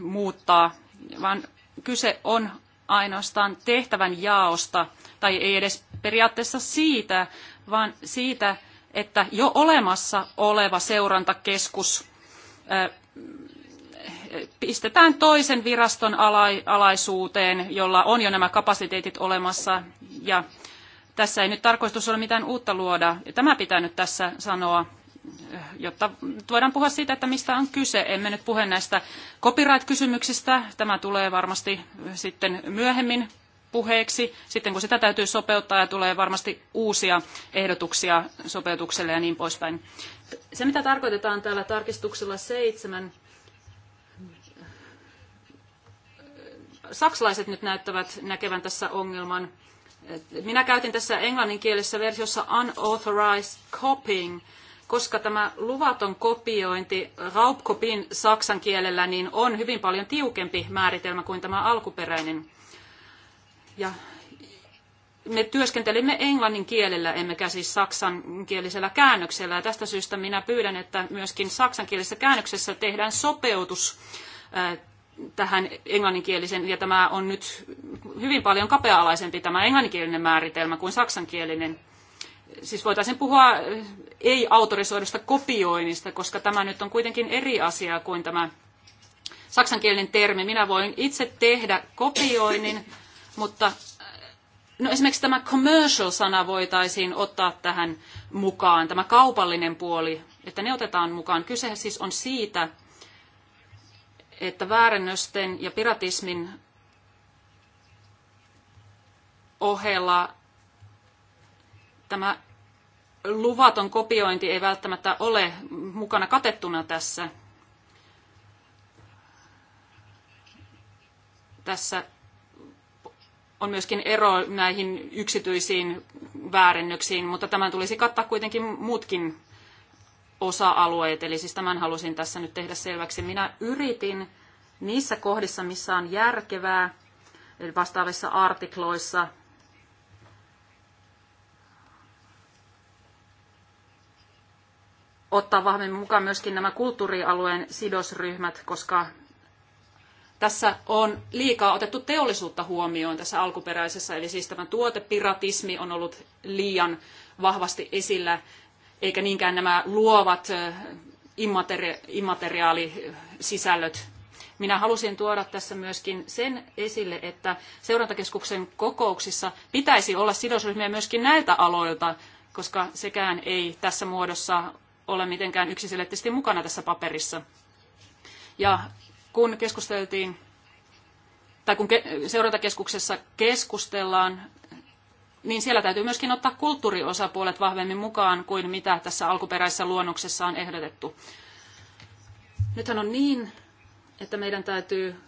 muuttaa, vaan kyse on ainoastaan tehtävän jaosta, tai ei edes periaatteessa siitä, vaan siitä, että jo olemassa oleva seurantakeskus pistetään toisen viraston alaisuuteen, jolla on jo nämä kapasiteetit olemassa. Ja tässä ei nyt tarkoitus ole mitään uutta luoda. Tämä pitää nyt tässä sanoa, jotta voidaan puhua siitä, että mistä on kyse. Emme nyt puhe näistä copyright-kysymyksistä. Tämä tulee varmasti sitten myöhemmin puheeksi. Sitten kun sitä täytyy sopeuttaa ja tulee varmasti uusia ehdotuksia sopeutukselle ja niin poispäin. Se, mitä tarkoitetaan täällä tarkistuksella seitsemän, saksalaiset nyt näyttävät näkevän tässä ongelman. Minä käytin tässä englanninkielisessä versiossa unauthorized copying, koska tämä luvaton kopiointi Raubkopin saksan kielellä niin on hyvin paljon tiukempi määritelmä kuin tämä alkuperäinen ja me työskentelimme englannin kielellä, emmekä siis saksankielisellä käännöksellä. Ja tästä syystä minä pyydän, että myöskin saksankielisessä käännöksessä tehdään sopeutus äh, tähän englanninkielisen, ja tämä on nyt hyvin paljon kapea-alaisempi tämä englanninkielinen määritelmä kuin saksankielinen. Siis voitaisiin puhua ei-autorisoidusta kopioinnista, koska tämä nyt on kuitenkin eri asia kuin tämä saksankielinen termi. Minä voin itse tehdä kopioinnin, mutta no esimerkiksi tämä commercial-sana voitaisiin ottaa tähän mukaan, tämä kaupallinen puoli, että ne otetaan mukaan. Kyse siis on siitä, että väärennösten ja piratismin ohella tämä luvaton kopiointi ei välttämättä ole mukana katettuna tässä. Tässä on myöskin ero näihin yksityisiin väärennöksiin, mutta tämän tulisi kattaa kuitenkin muutkin osa-alueet, eli siis tämän halusin tässä nyt tehdä selväksi. Minä yritin niissä kohdissa, missä on järkevää, eli vastaavissa artikloissa, ottaa vahvemmin mukaan myöskin nämä kulttuurialueen sidosryhmät, koska tässä on liikaa otettu teollisuutta huomioon tässä alkuperäisessä, eli siis tämä tuotepiratismi on ollut liian vahvasti esillä, eikä niinkään nämä luovat immateri- immateriaalisisällöt. Minä halusin tuoda tässä myöskin sen esille, että seurantakeskuksen kokouksissa pitäisi olla sidosryhmiä myöskin näiltä aloilta, koska sekään ei tässä muodossa ole mitenkään yksiselitteisesti mukana tässä paperissa. Ja kun keskusteltiin tai kun seurantakeskuksessa keskustellaan, niin siellä täytyy myöskin ottaa kulttuuriosapuolet vahvemmin mukaan kuin mitä tässä alkuperäisessä luonnoksessa on ehdotettu. Nythän on niin, että meidän täytyy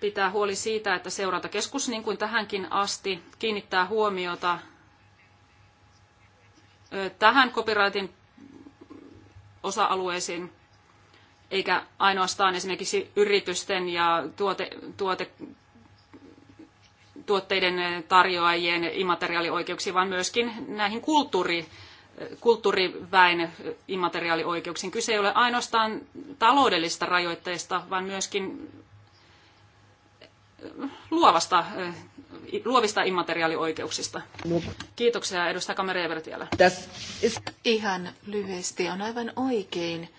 pitää huoli siitä, että seurantakeskus, niin kuin tähänkin asti, kiinnittää huomiota tähän copyrightin osa-alueisiin eikä ainoastaan esimerkiksi yritysten ja tuote, tuote, tuotteiden tarjoajien immateriaalioikeuksiin, vaan myöskin näihin kulttuuri, kulttuuriväen immateriaalioikeuksiin. Kyse ei ole ainoastaan taloudellista rajoitteista, vaan myöskin luovasta, luovista immateriaalioikeuksista. Kiitoksia edustaja Kamerevert vielä. Ihan lyhyesti on aivan oikein,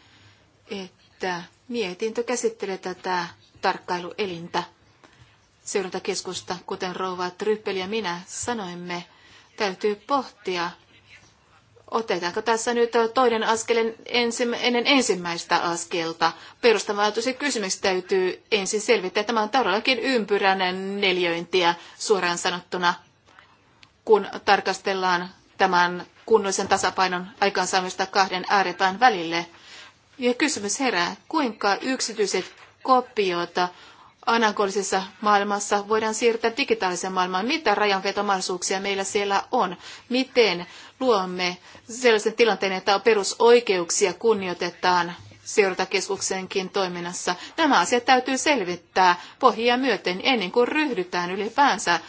että että mietintö käsittelee tätä tarkkailuelintä seurantakeskusta, kuten rouva Tryppel ja minä sanoimme, täytyy pohtia, otetaanko tässä nyt toinen askel ennen ensimmäistä askelta. Perustavanlaatuisia kysymys täytyy ensin selvittää. Tämä on todellakin ympyräinen neljöintiä suoraan sanottuna, kun tarkastellaan tämän kunnollisen tasapainon aikaansaamista kahden ääripään välille – ja kysymys herää, kuinka yksityiset kopioita anakolisessa maailmassa voidaan siirtää digitaaliseen maailmaan? Mitä rajanvetomahdollisuuksia meillä siellä on? Miten luomme sellaisen tilanteen, että perusoikeuksia kunnioitetaan seurantakeskuksenkin toiminnassa. Nämä asiat täytyy selvittää pohjia myöten ennen kuin ryhdytään ylipäänsä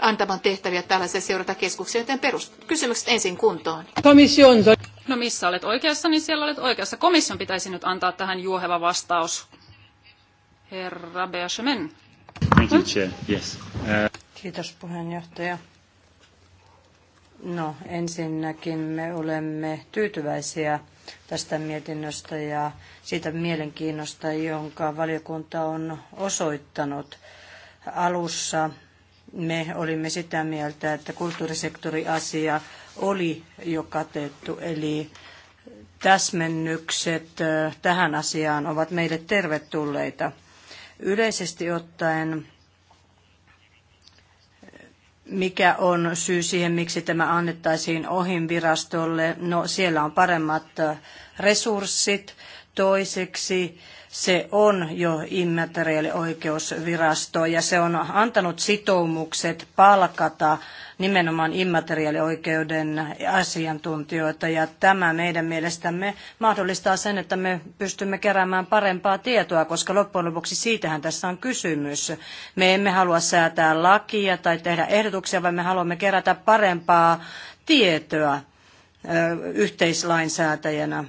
antamaan tehtäviä tällaisen seurantakeskuksen, joten kysymykset ensin kuntoon. Komission. No missä olet oikeassa, niin siellä olet oikeassa. Komission pitäisi nyt antaa tähän juoheva vastaus. Herra Beashemen. Thank you, Chair. Yes. Uh... Kiitos puheenjohtaja. No ensinnäkin me olemme tyytyväisiä tästä mietinnöstä ja siitä mielenkiinnosta, jonka valiokunta on osoittanut alussa me olimme sitä mieltä, että kulttuurisektoriasia oli jo katettu, eli täsmennykset tähän asiaan ovat meille tervetulleita. Yleisesti ottaen, mikä on syy siihen, miksi tämä annettaisiin ohin virastolle? No siellä on paremmat resurssit. Toiseksi se on jo immateriaalioikeusvirasto ja se on antanut sitoumukset palkata nimenomaan immateriaalioikeuden asiantuntijoita ja tämä meidän mielestämme mahdollistaa sen, että me pystymme keräämään parempaa tietoa, koska loppujen lopuksi siitähän tässä on kysymys. Me emme halua säätää lakia tai tehdä ehdotuksia, vaan me haluamme kerätä parempaa tietoa yhteislainsäätäjänä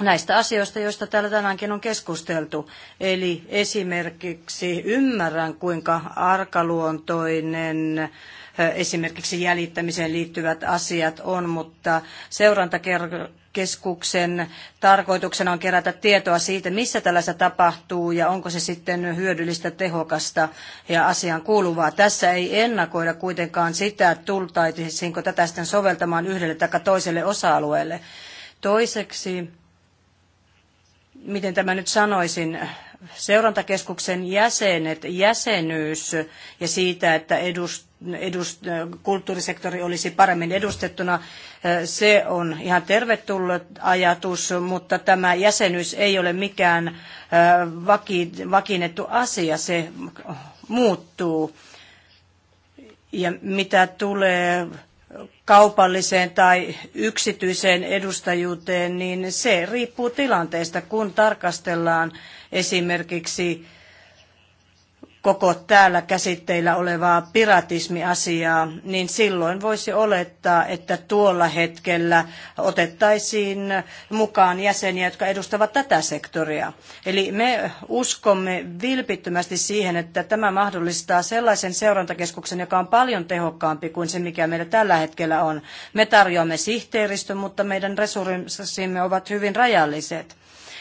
näistä asioista, joista täällä tänäänkin on keskusteltu. Eli esimerkiksi ymmärrän, kuinka arkaluontoinen eh, esimerkiksi jäljittämiseen liittyvät asiat on, mutta seurantakeskuksen tarkoituksena on kerätä tietoa siitä, missä tällaista tapahtuu ja onko se sitten hyödyllistä, tehokasta ja asian kuuluvaa. Tässä ei ennakoida kuitenkaan sitä, tultaisiinko tätä sitten soveltamaan yhdelle tai toiselle osa-alueelle. Toiseksi miten tämä nyt sanoisin, seurantakeskuksen jäsenet, jäsenyys ja siitä, että edust, edust, kulttuurisektori olisi paremmin edustettuna, se on ihan tervetullut ajatus, mutta tämä jäsenyys ei ole mikään vaki, vakiinnettu asia, se muuttuu. Ja mitä tulee kaupalliseen tai yksityiseen edustajuuteen, niin se riippuu tilanteesta, kun tarkastellaan esimerkiksi koko täällä käsitteillä olevaa piratismiasiaa, niin silloin voisi olettaa, että tuolla hetkellä otettaisiin mukaan jäseniä, jotka edustavat tätä sektoria. Eli me uskomme vilpittömästi siihen, että tämä mahdollistaa sellaisen seurantakeskuksen, joka on paljon tehokkaampi kuin se, mikä meillä tällä hetkellä on. Me tarjoamme sihteeristön, mutta meidän resurssimme ovat hyvin rajalliset.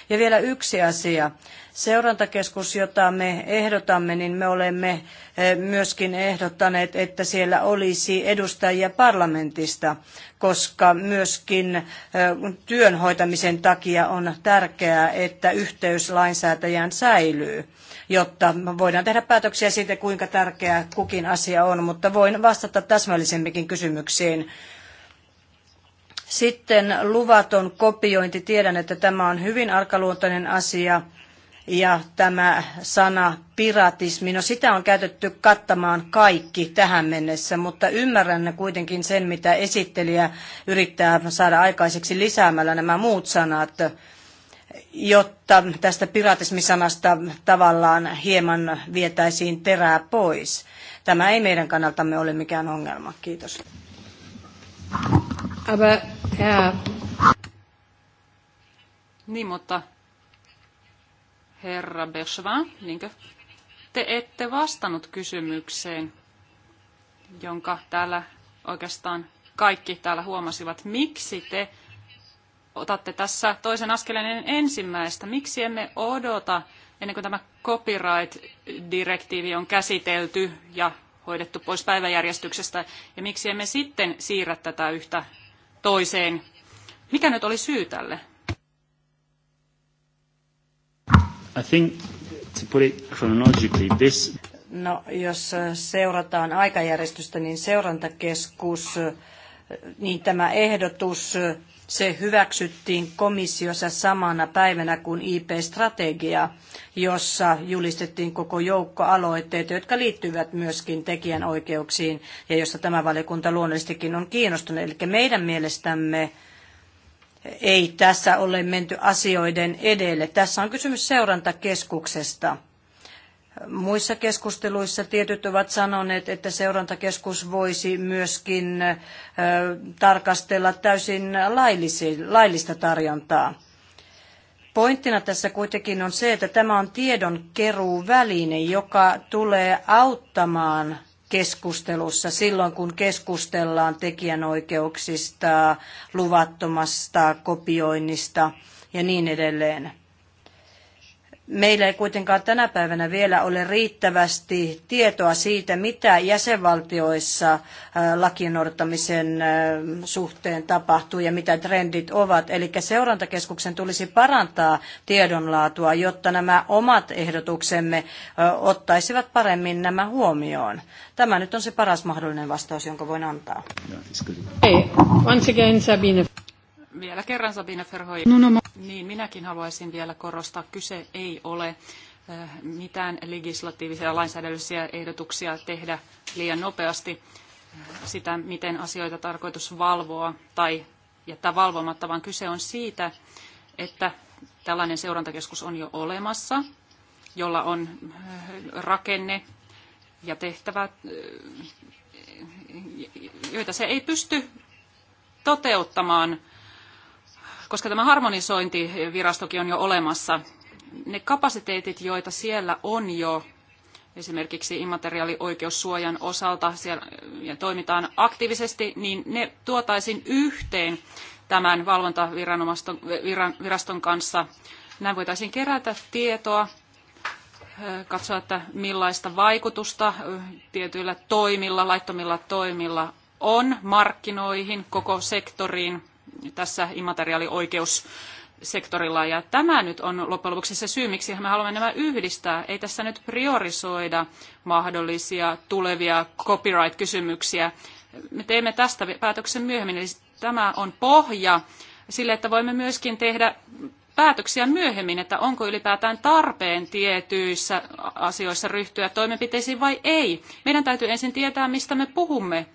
Ja vielä yksi asia. Seurantakeskus, jota me ehdotamme, niin me olemme eh, myöskin ehdottaneet, että siellä olisi edustajia parlamentista, koska myöskin eh, työn hoitamisen takia on tärkeää, että yhteys lainsäätäjään säilyy jotta voidaan tehdä päätöksiä siitä, kuinka tärkeää kukin asia on, mutta voin vastata täsmällisemminkin kysymyksiin sitten luvaton kopiointi. Tiedän, että tämä on hyvin arkaluontoinen asia ja tämä sana piratismi, no sitä on käytetty kattamaan kaikki tähän mennessä, mutta ymmärrän kuitenkin sen, mitä esittelijä yrittää saada aikaiseksi lisäämällä nämä muut sanat, jotta tästä piratismisanasta tavallaan hieman vietäisiin terää pois. Tämä ei meidän kannaltamme ole mikään ongelma. Kiitos. Aber, Herr... Niin, mutta herra Berchevin, niinkö? Te ette vastannut kysymykseen, jonka täällä oikeastaan kaikki täällä huomasivat. Miksi te otatte tässä toisen askeleen ensimmäistä? Miksi emme odota ennen kuin tämä copyright-direktiivi on käsitelty ja hoidettu pois päiväjärjestyksestä, ja miksi emme sitten siirrä tätä yhtä toiseen. Mikä nyt oli syy tälle? I think, to put it chronologically, this... No, jos äh, seurataan aikajärjestystä, niin seurantakeskus, äh, niin tämä ehdotus äh, se hyväksyttiin komissiossa samana päivänä kuin IP-strategia, jossa julistettiin koko joukko aloitteita, jotka liittyvät myöskin tekijänoikeuksiin ja josta tämä valiokunta luonnollisestikin on kiinnostunut. Eli meidän mielestämme ei tässä ole menty asioiden edelle. Tässä on kysymys seurantakeskuksesta Muissa keskusteluissa tietyt ovat sanoneet, että seurantakeskus voisi myöskin tarkastella täysin laillista tarjontaa. Pointtina tässä kuitenkin on se, että tämä on tiedon keruuväline, joka tulee auttamaan keskustelussa silloin, kun keskustellaan tekijänoikeuksista, luvattomasta kopioinnista ja niin edelleen. Meillä ei kuitenkaan tänä päivänä vielä ole riittävästi tietoa siitä, mitä jäsenvaltioissa äh, lakien noudattamisen äh, suhteen tapahtuu ja mitä trendit ovat. Eli seurantakeskuksen tulisi parantaa tiedonlaatua, jotta nämä omat ehdotuksemme äh, ottaisivat paremmin nämä huomioon. Tämä nyt on se paras mahdollinen vastaus, jonka voin antaa. Hey, once again, Sabine. Vielä kerran Sabine Ferhoi. No, no, Niin, minäkin haluaisin vielä korostaa, kyse ei ole eh, mitään legislatiivisia lainsäädännöllisiä ehdotuksia tehdä liian nopeasti eh, sitä, miten asioita tarkoitus valvoa tai jättää valvomatta, vaan kyse on siitä, että tällainen seurantakeskus on jo olemassa, jolla on eh, rakenne ja tehtävät, joita se ei pysty toteuttamaan – koska tämä harmonisointivirastokin on jo olemassa. Ne kapasiteetit, joita siellä on jo esimerkiksi immateriaalioikeussuojan osalta siellä, ja toimitaan aktiivisesti, niin ne tuotaisiin yhteen tämän valvontaviraston kanssa. Näin voitaisiin kerätä tietoa, katsoa, että millaista vaikutusta tietyillä toimilla, laittomilla toimilla on markkinoihin, koko sektoriin tässä immateriaalioikeus sektorilla. Ja tämä nyt on loppujen lopuksi se syy, miksi me haluamme nämä yhdistää. Ei tässä nyt priorisoida mahdollisia tulevia copyright-kysymyksiä. Me teemme tästä päätöksen myöhemmin, eli tämä on pohja sille, että voimme myöskin tehdä päätöksiä myöhemmin, että onko ylipäätään tarpeen tietyissä asioissa ryhtyä toimenpiteisiin vai ei. Meidän täytyy ensin tietää, mistä me puhumme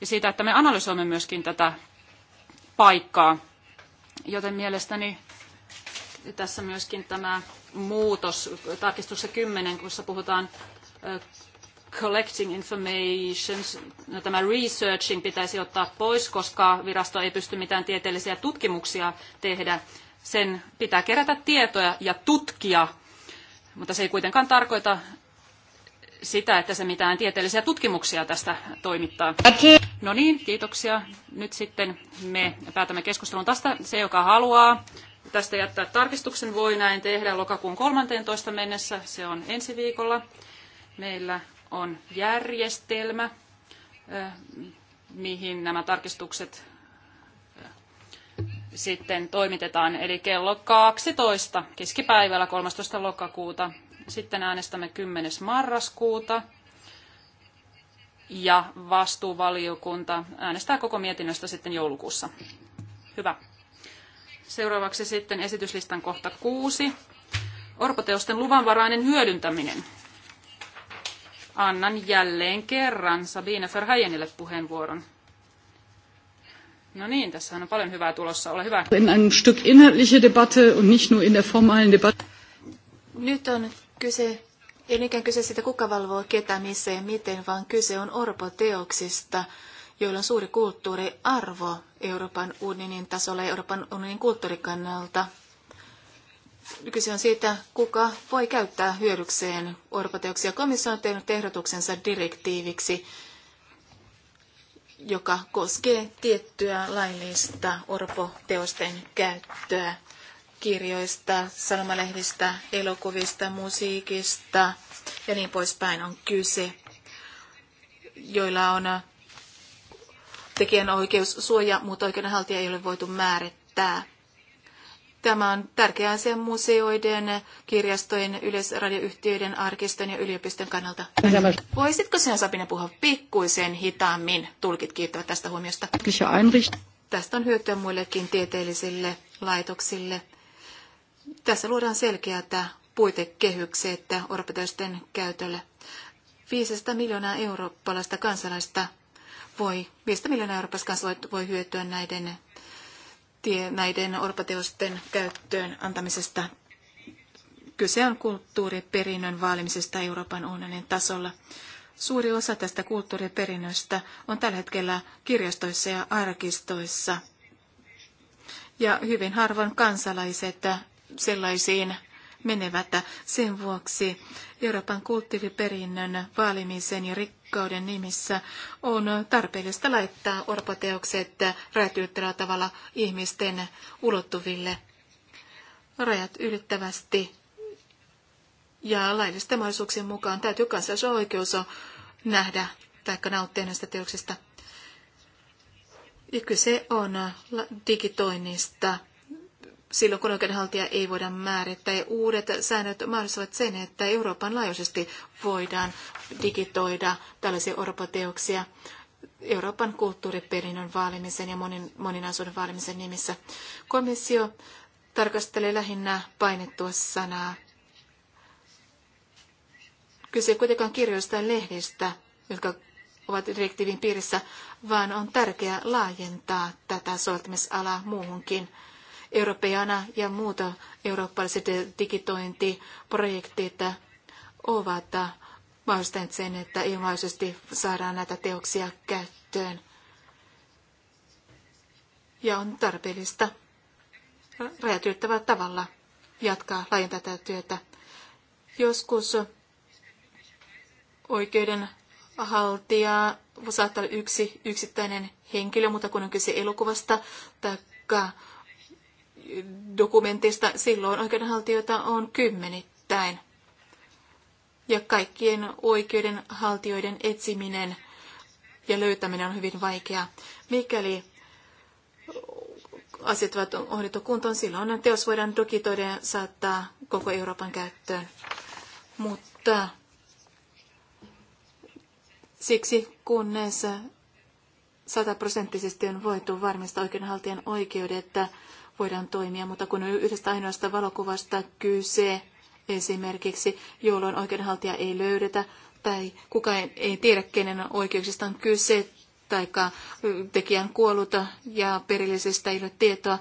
ja siitä, että me analysoimme myöskin tätä paikkaa. Joten mielestäni tässä myöskin tämä muutos tarkistuksessa 10, kun puhutaan collecting information, no tämä researching pitäisi ottaa pois, koska virasto ei pysty mitään tieteellisiä tutkimuksia tehdä. Sen pitää kerätä tietoja ja tutkia, mutta se ei kuitenkaan tarkoita sitä, että se mitään tieteellisiä tutkimuksia tästä toimittaa. No niin, kiitoksia. Nyt sitten me päätämme keskustelun tästä. Se, joka haluaa tästä jättää tarkistuksen, voi näin tehdä lokakuun 13. mennessä. Se on ensi viikolla. Meillä on järjestelmä, mihin nämä tarkistukset sitten toimitetaan, eli kello 12 keskipäivällä 13. lokakuuta. Sitten äänestämme 10. marraskuuta ja vastuuvaliokunta äänestää koko mietinnöstä sitten joulukuussa. Hyvä. Seuraavaksi sitten esityslistan kohta kuusi. Orpoteosten luvanvarainen hyödyntäminen. Annan jälleen kerran Sabine Verheyenille puheenvuoron. No niin, tässä on paljon hyvää tulossa. Ole hyvä. In Stück inhaltliche Debatte und nicht nur in der formalen Debatte. Nyt on kyse ei niinkään kyse siitä, kuka valvoo ketä, missä ja miten, vaan kyse on orpoteoksista, joilla on suuri kulttuuriarvo Euroopan unionin tasolla ja Euroopan unionin kulttuurikannalta. Kyse on siitä, kuka voi käyttää hyödykseen orpoteoksia. Komissio on tehnyt ehdotuksensa direktiiviksi, joka koskee tiettyä laillista orpoteosten käyttöä kirjoista, sanomalehdistä, elokuvista, musiikista ja niin poispäin on kyse, joilla on äh, suoja, mutta oikeudenhaltija ei ole voitu määrittää. Tämä on tärkeä asia museoiden, kirjastojen, yleisradioyhtiöiden, arkiston ja yliopiston kannalta. Voisitko sinä Sabine puhua pikkuisen hitaammin? Tulkit kiittävät tästä huomiosta. Tästä on hyötyä muillekin tieteellisille laitoksille tässä luodaan selkeät puitekehykset orpitoisten käytölle. 500 miljoonaa eurooppalaista kansalaista voi, 500 miljoonaa eurooppalaista kansalaista voi hyötyä näiden, tie, näiden orpateosten käyttöön antamisesta. Kyse on kulttuuriperinnön vaalimisesta Euroopan unionin tasolla. Suuri osa tästä kulttuuriperinnöstä on tällä hetkellä kirjastoissa ja arkistoissa. Ja hyvin harvoin kansalaiset sellaisiin menevät. Sen vuoksi Euroopan kulttuuriperinnön vaalimisen ja rikkauden nimissä on tarpeellista laittaa orpoteokset räätyyttävällä tavalla ihmisten ulottuville rajat ylittävästi. Ja laillisten mahdollisuuksien mukaan täytyy kansalaisen oikeus nähdä tai nauttia näistä teoksista. Ja kyse on digitoinnista silloin kun oikeudenhaltija ei voida määrittää. Ja uudet säännöt mahdollistavat sen, että Euroopan laajuisesti voidaan digitoida tällaisia orpoteoksia Euroopan kulttuuriperinnön vaalimisen ja monin, moninaisuuden vaalimisen nimissä. Komissio tarkastelee lähinnä painettua sanaa. Kyse ei kuitenkaan kirjoista ja lehdistä, jotka ovat direktiivin piirissä, vaan on tärkeää laajentaa tätä soveltamisalaa muuhunkin Europeana ja muuta eurooppalaiset digitointiprojektit ovat mahdollistaneet sen, että ilmaisesti saadaan näitä teoksia käyttöön. Ja on tarpeellista rajatyöttävällä tavalla jatkaa laajentaa tätä työtä. Joskus oikeudenhaltija saattaa olla yksi yksittäinen henkilö, mutta kun on kyse elokuvasta tai dokumentista, silloin oikeudenhaltijoita on kymmenittäin. Ja kaikkien oikeudenhaltijoiden etsiminen ja löytäminen on hyvin vaikeaa. Mikäli asiat ovat hoidettu kuntoon, silloin teos voidaan dokitoida ja saattaa koko Euroopan käyttöön. Mutta siksi kunnes sataprosenttisesti on voitu varmistaa oikeudenhaltijan oikeudet, voidaan toimia, mutta kun on yhdestä ainoasta valokuvasta kyse esimerkiksi, jolloin oikeudenhaltija ei löydetä tai kukaan ei tiedä, kenen oikeuksista on kyse tai tekijän kuoluta ja perillisestä ei ole tietoa,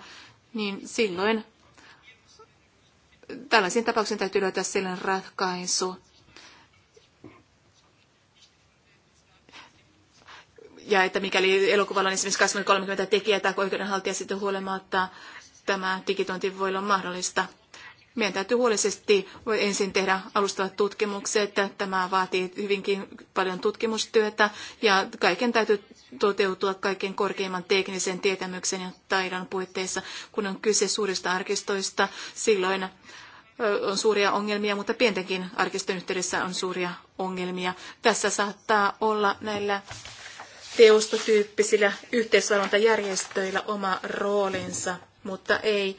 niin silloin tällaisiin tapauksiin täytyy löytää sellainen ratkaisu. Ja että mikäli elokuvalla on esimerkiksi 20-30 tekijää tai oikeudenhaltija sitten huolimatta tämä digitointi voi olla mahdollista. Meidän täytyy huolellisesti ensin tehdä alustavat tutkimukset. Tämä vaatii hyvinkin paljon tutkimustyötä ja kaiken täytyy toteutua kaiken korkeimman teknisen tietämyksen ja taidon puitteissa. Kun on kyse suurista arkistoista, silloin on suuria ongelmia, mutta pientenkin arkiston yhteydessä on suuria ongelmia. Tässä saattaa olla näillä teostotyyppisillä yhteisvalvontajärjestöillä oma roolinsa mutta ei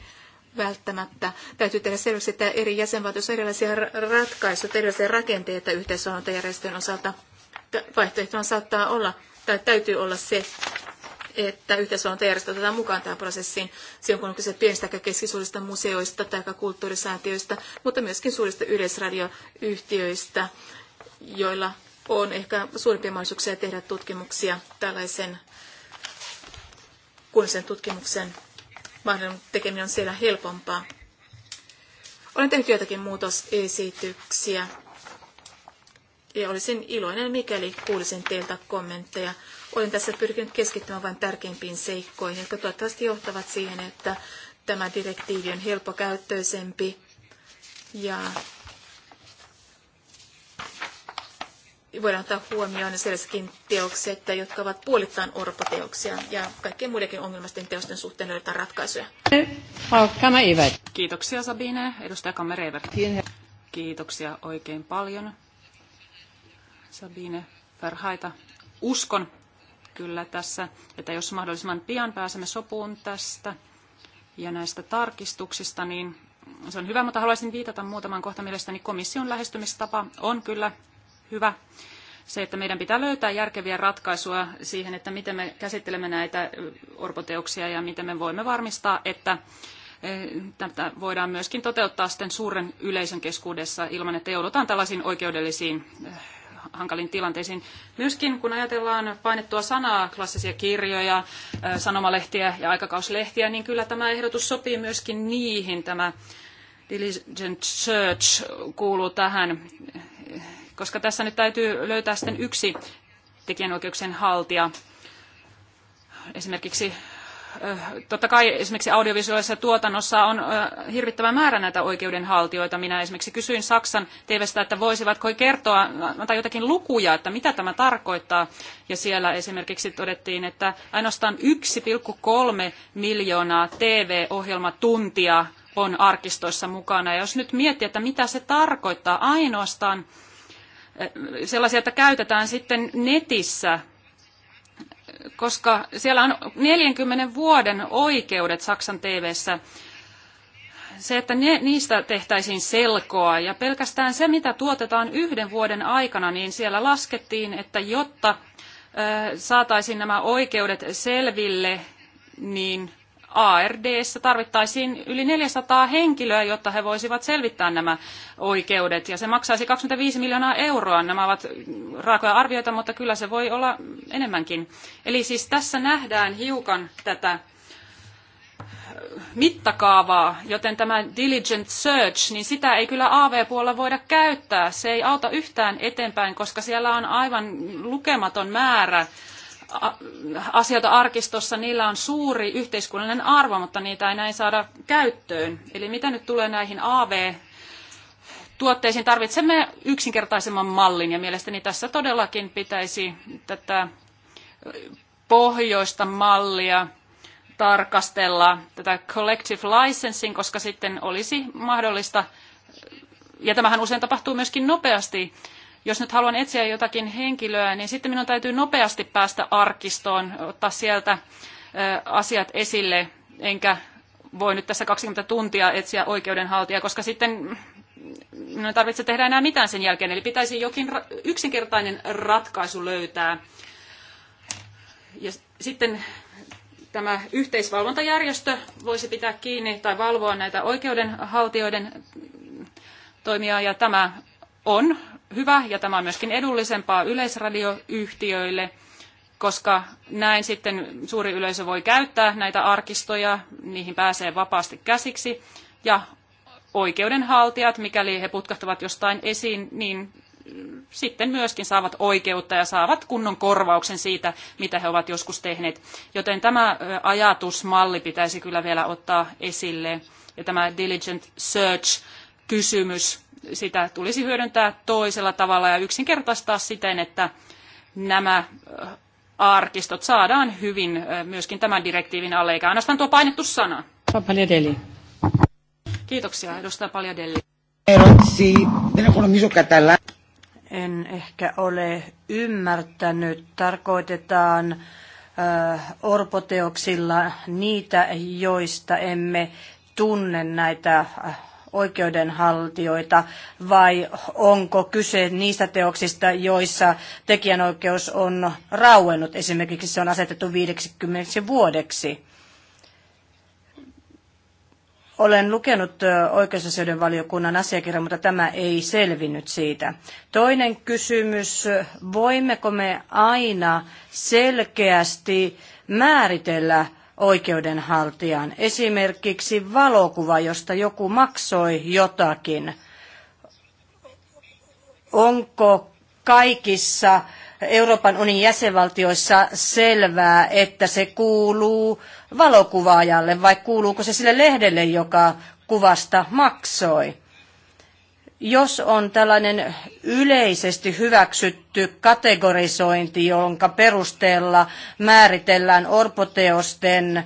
välttämättä. Täytyy tehdä selväksi, että eri jäsenvaltioissa on erilaisia ratkaisuja, erilaisia rakenteita yhteisvalvontajärjestöjen osalta. Vaihtoehtona saattaa olla, tai täytyy olla se, että yhteisvalvontajärjestö otetaan mukaan tähän prosessiin, silloin kun on kyse pienistä tai keskisuurista museoista tai kulttuurisäätiöistä, mutta myöskin suurista yleisradioyhtiöistä, joilla on ehkä suurimpia mahdollisuuksia tehdä tutkimuksia tällaisen kunnallisen tutkimuksen mahdollinen tekeminen on siellä helpompaa. Olen tehnyt joitakin muutosesityksiä ja olisin iloinen, mikäli kuulisin teiltä kommentteja. Olen tässä pyrkinyt keskittymään vain tärkeimpiin seikkoihin, jotka toivottavasti johtavat siihen, että tämä direktiivi on helppokäyttöisempi ja voidaan ottaa huomioon sellaisetkin teokset, jotka ovat puolittain orpoteoksia ja kaikkien muidenkin ongelmasten teosten suhteen löydetään ratkaisuja. Kiitoksia Sabine, edustaja Kammerever. Kiitoksia oikein paljon. Sabine Verhaita. Uskon kyllä tässä, että jos mahdollisimman pian pääsemme sopuun tästä ja näistä tarkistuksista, niin se on hyvä, mutta haluaisin viitata muutaman kohta. Mielestäni komission lähestymistapa on kyllä hyvä. Se, että meidän pitää löytää järkeviä ratkaisuja siihen, että miten me käsittelemme näitä orpoteoksia ja miten me voimme varmistaa, että tätä voidaan myöskin toteuttaa sitten suuren yleisön keskuudessa ilman, että joudutaan tällaisiin oikeudellisiin hankaliin tilanteisiin. Myöskin kun ajatellaan painettua sanaa, klassisia kirjoja, sanomalehtiä ja aikakauslehtiä, niin kyllä tämä ehdotus sopii myöskin niihin. Tämä Diligent Search kuuluu tähän koska tässä nyt täytyy löytää sitten yksi tekijänoikeuksien haltija. Esimerkiksi totta kai esimerkiksi audiovisuaalisessa tuotannossa on hirvittävä määrä näitä oikeudenhaltijoita. Minä esimerkiksi kysyin Saksan TVstä, että voisivatko he kertoa, tai jotakin lukuja, että mitä tämä tarkoittaa. Ja siellä esimerkiksi todettiin, että ainoastaan 1,3 miljoonaa TV-ohjelmatuntia on arkistoissa mukana. Ja jos nyt miettii, että mitä se tarkoittaa ainoastaan sellaisia, että käytetään sitten netissä, koska siellä on 40 vuoden oikeudet Saksan TVssä. Se, että ne, niistä tehtäisiin selkoa ja pelkästään se, mitä tuotetaan yhden vuoden aikana, niin siellä laskettiin, että jotta saataisiin nämä oikeudet selville, niin ARDssä tarvittaisiin yli 400 henkilöä, jotta he voisivat selvittää nämä oikeudet. Ja se maksaisi 25 miljoonaa euroa. Nämä ovat raakoja arvioita, mutta kyllä se voi olla enemmänkin. Eli siis tässä nähdään hiukan tätä mittakaavaa, joten tämä diligent search, niin sitä ei kyllä AV-puolella voida käyttää. Se ei auta yhtään eteenpäin, koska siellä on aivan lukematon määrä asioita arkistossa, niillä on suuri yhteiskunnallinen arvo, mutta niitä ei näin saada käyttöön. Eli mitä nyt tulee näihin AV tuotteisiin tarvitsemme yksinkertaisemman mallin ja mielestäni tässä todellakin pitäisi tätä pohjoista mallia tarkastella tätä collective licensing, koska sitten olisi mahdollista, ja tämähän usein tapahtuu myöskin nopeasti, jos nyt haluan etsiä jotakin henkilöä, niin sitten minun täytyy nopeasti päästä arkistoon, ottaa sieltä asiat esille, enkä voi nyt tässä 20 tuntia etsiä oikeudenhaltijaa, koska sitten minun ei tarvitse tehdä enää mitään sen jälkeen. Eli pitäisi jokin yksinkertainen ratkaisu löytää. Ja sitten tämä yhteisvalvontajärjestö voisi pitää kiinni tai valvoa näitä oikeudenhaltijoiden toimia, ja tämä on hyvä ja tämä on myöskin edullisempaa yleisradioyhtiöille, koska näin sitten suuri yleisö voi käyttää näitä arkistoja, niihin pääsee vapaasti käsiksi ja oikeudenhaltijat, mikäli he putkahtavat jostain esiin, niin sitten myöskin saavat oikeutta ja saavat kunnon korvauksen siitä, mitä he ovat joskus tehneet. Joten tämä ajatusmalli pitäisi kyllä vielä ottaa esille. Ja tämä diligent search-kysymys sitä tulisi hyödyntää toisella tavalla ja yksinkertaistaa siten, että nämä arkistot saadaan hyvin myöskin tämän direktiivin alle, eikä ainoastaan tuo painettu sana. Paljadelli. Kiitoksia, edustaja Paljadelli. En ehkä ole ymmärtänyt. Tarkoitetaan orpoteoksilla niitä, joista emme tunne näitä oikeudenhaltijoita vai onko kyse niistä teoksista, joissa tekijänoikeus on rauennut, esimerkiksi se on asetettu 50 vuodeksi. Olen lukenut oikeusasioiden valiokunnan asiakirjan, mutta tämä ei selvinnyt siitä. Toinen kysymys, voimmeko me aina selkeästi määritellä oikeudenhaltijan. Esimerkiksi valokuva, josta joku maksoi jotakin. Onko kaikissa Euroopan unionin jäsenvaltioissa selvää, että se kuuluu valokuvaajalle vai kuuluuko se sille lehdelle, joka kuvasta maksoi? Jos on tällainen yleisesti hyväksytty kategorisointi, jonka perusteella määritellään orpoteosten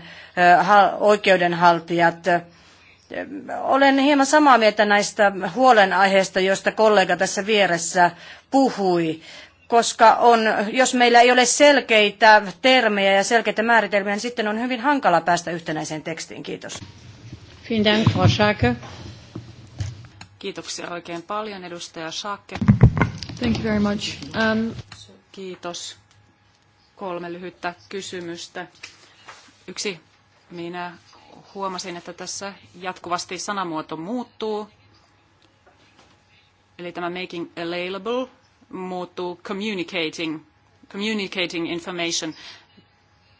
oikeudenhaltijat, olen hieman samaa mieltä näistä huolenaiheista, joista kollega tässä vieressä puhui, koska on, jos meillä ei ole selkeitä termejä ja selkeitä määritelmiä, niin sitten on hyvin hankala päästä yhtenäiseen tekstiin. Kiitos. Vielen Dank, Frau Kiitoksia oikein paljon, edustaja Saakke. Thank you very much. Um... Kiitos. Kolme lyhyttä kysymystä. Yksi, minä huomasin, että tässä jatkuvasti sanamuoto muuttuu. Eli tämä making available muuttuu communicating, communicating information.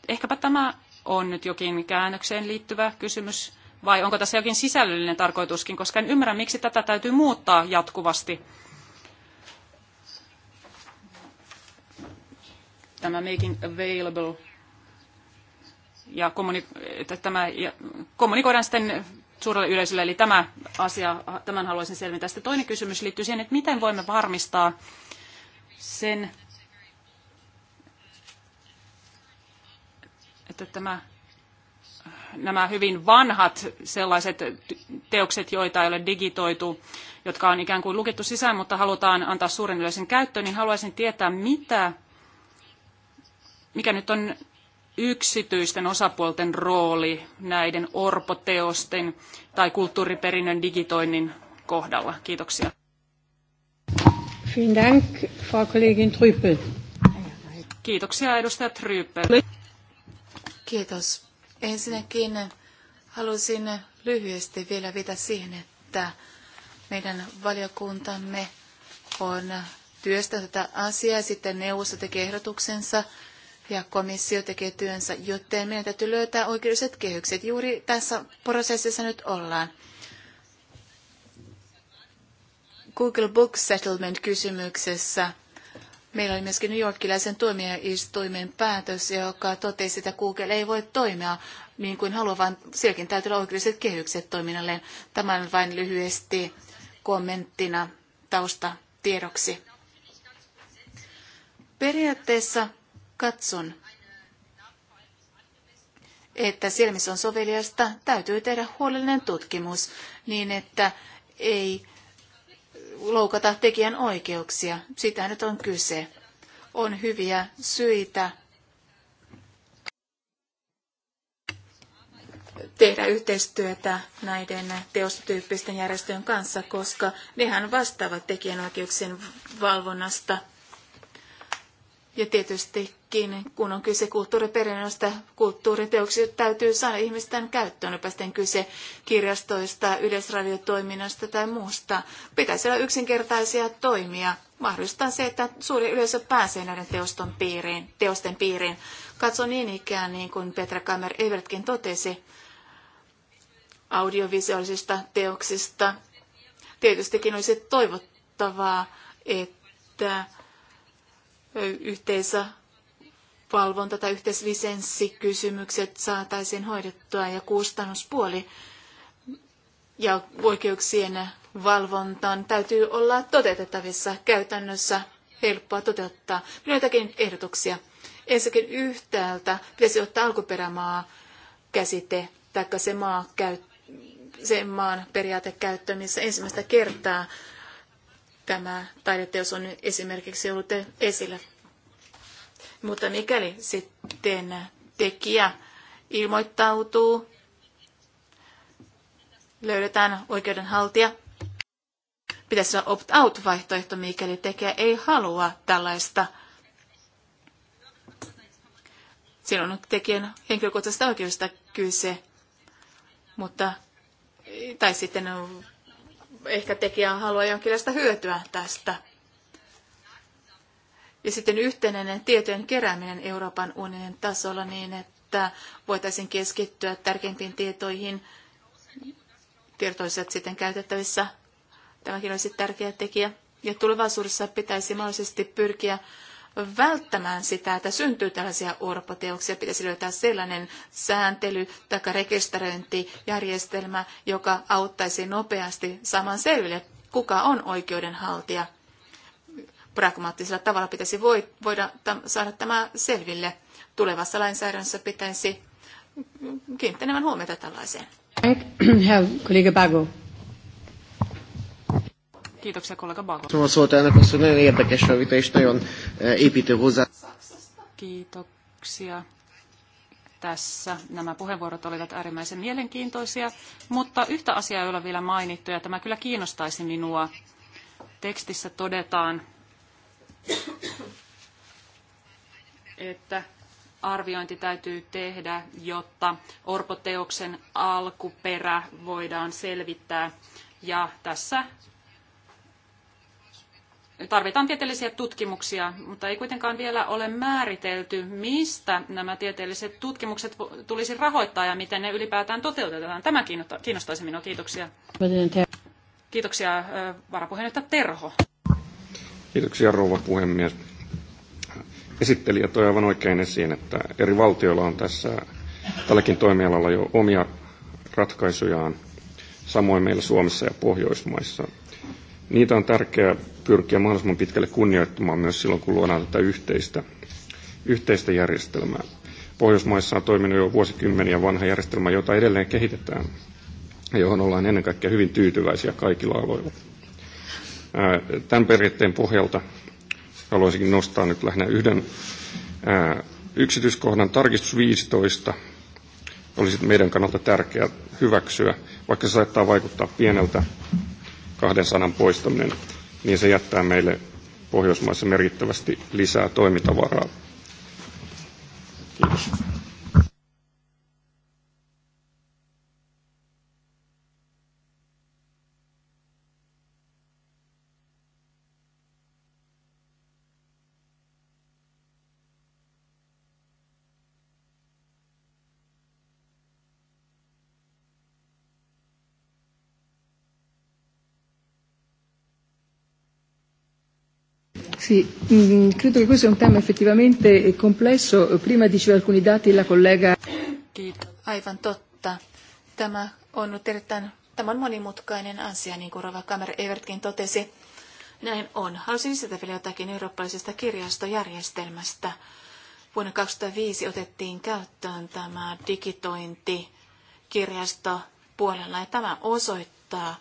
Ehkäpä tämä on nyt jokin käännökseen liittyvä kysymys vai onko tässä jokin sisällöllinen tarkoituskin, koska en ymmärrä, miksi tätä täytyy muuttaa jatkuvasti. Tämä making available ja tämä, kommunikoidaan sitten suurelle yleisölle, eli tämä asia, tämän haluaisin selvittää. Sitten toinen kysymys liittyy siihen, että miten voimme varmistaa sen, että tämä nämä hyvin vanhat sellaiset teokset, joita ei ole digitoitu, jotka on ikään kuin lukittu sisään, mutta halutaan antaa suuren yleisen käyttöön, niin haluaisin tietää, mitä, mikä nyt on yksityisten osapuolten rooli näiden orpoteosten tai kulttuuriperinnön digitoinnin kohdalla. Kiitoksia. Kiitoksia edustaja Tryyppel. Kiitos Ensinnäkin halusin lyhyesti vielä viitata siihen, että meidän valiokuntamme on työstä tätä asiaa, sitten neuvosto tekee ehdotuksensa ja komissio tekee työnsä, joten meidän täytyy löytää oikeudelliset kehykset. Juuri tässä prosessissa nyt ollaan. Google Book Settlement-kysymyksessä – Meillä oli myöskin New Yorkilaisen tuomioistuimen päätös, joka totesi, että Google ei voi toimia niin kuin haluaa, vaan sielläkin täytyy olla oikeudelliset kehykset toiminnalleen. Tämän vain lyhyesti kommenttina taustatiedoksi. Periaatteessa katson, että siellä, missä on soveliasta, täytyy tehdä huolellinen tutkimus niin, että ei loukata tekijän oikeuksia. Sitä nyt on kyse. On hyviä syitä tehdä yhteistyötä näiden teostotyyppisten järjestöjen kanssa, koska nehän vastaavat tekijänoikeuksien valvonnasta. Ja tietysti kuitenkin, kun on kyse kulttuuriperinnöstä, kulttuuriteoksia täytyy saada ihmisten käyttöön, jopa sitten kyse kirjastoista, yleisradiotoiminnasta tai muusta. Pitäisi olla yksinkertaisia toimia. Mahdollistaa se, että suuri yleisö pääsee näiden teoston piiriin, teosten piiriin. Katso niin ikään, niin kuin Petra Kamer Evertkin totesi, audiovisuaalisista teoksista. Tietystikin olisi toivottavaa, että yhteisö valvonta- tai yhteislisenssikysymykset saataisiin hoidettua ja kustannuspuoli ja oikeuksien valvontaan täytyy olla toteutettavissa käytännössä helppoa toteuttaa. Minulla jotakin ehdotuksia. Ensinnäkin yhtäältä pitäisi ottaa alkuperämaa käsite tai se, maa, sen maan periaate käyttöön, missä ensimmäistä kertaa tämä taideteos on esimerkiksi ollut esillä mutta mikäli sitten tekijä ilmoittautuu, löydetään oikeudenhaltija, pitäisi olla opt-out-vaihtoehto, mikäli tekijä ei halua tällaista. Silloin on tekijän henkilökohtaisesta oikeudesta kyse, mutta, tai sitten ehkä tekijä haluaa jonkinlaista hyötyä tästä ja sitten yhtenäinen tietojen kerääminen Euroopan unionin tasolla niin, että voitaisiin keskittyä tärkeimpiin tietoihin, tietoiset sitten käytettävissä. Tämäkin olisi tärkeä tekijä. Ja tulevaisuudessa pitäisi mahdollisesti pyrkiä välttämään sitä, että syntyy tällaisia orpoteoksia. Pitäisi löytää sellainen sääntely tai rekisteröintijärjestelmä, joka auttaisi nopeasti saamaan selville, kuka on oikeudenhaltija pragmaattisella tavalla pitäisi voi, voida saada tämä selville. Tulevassa lainsäädännössä pitäisi kiinnittämään huomiota tällaiseen. Kollega Kiitoksia kollega Bago. E, Kiitoksia tässä. Nämä puheenvuorot olivat äärimmäisen mielenkiintoisia, mutta yhtä asiaa ei ole vielä mainittu, ja tämä kyllä kiinnostaisi minua. Tekstissä todetaan, että arviointi täytyy tehdä, jotta orpoteoksen alkuperä voidaan selvittää. Ja tässä tarvitaan tieteellisiä tutkimuksia, mutta ei kuitenkaan vielä ole määritelty, mistä nämä tieteelliset tutkimukset tulisi rahoittaa ja miten ne ylipäätään toteutetaan. Tämä kiinnostaisi minua. Kiitoksia. Kiitoksia varapuheenjohtaja Terho. Kiitoksia rouva puhemies. Esittelijä toi aivan oikein esiin, että eri valtioilla on tässä tälläkin toimialalla jo omia ratkaisujaan, samoin meillä Suomessa ja Pohjoismaissa. Niitä on tärkeää pyrkiä mahdollisimman pitkälle kunnioittamaan myös silloin, kun luodaan tätä yhteistä, yhteistä järjestelmää. Pohjoismaissa on toiminut jo vuosikymmeniä vanha järjestelmä, jota edelleen kehitetään ja johon ollaan ennen kaikkea hyvin tyytyväisiä kaikilla aloilla. Tämän periaatteen pohjalta haluaisinkin nostaa nyt lähinnä yhden yksityiskohdan. Tarkistus 15 olisi meidän kannalta tärkeää hyväksyä, vaikka se saattaa vaikuttaa pieneltä kahden sanan poistaminen, niin se jättää meille Pohjoismaissa merkittävästi lisää toimintavaraa. Kiitos. Sì, mm, credo che questo è un tema effettivamente eh, complesso. Eh, prima diceva alcuni dati la collega. Aivan totta. Tämä on nyt erittäin Tämä on monimutkainen asia, niin kuin Rova Kamer Evertkin totesi. Näin on. Haluaisin lisätä vielä jotakin eurooppalaisesta kirjastojärjestelmästä. Vuonna 2005 otettiin käyttöön tämä digitointi kirjastopuolella, ja tämä osoittaa,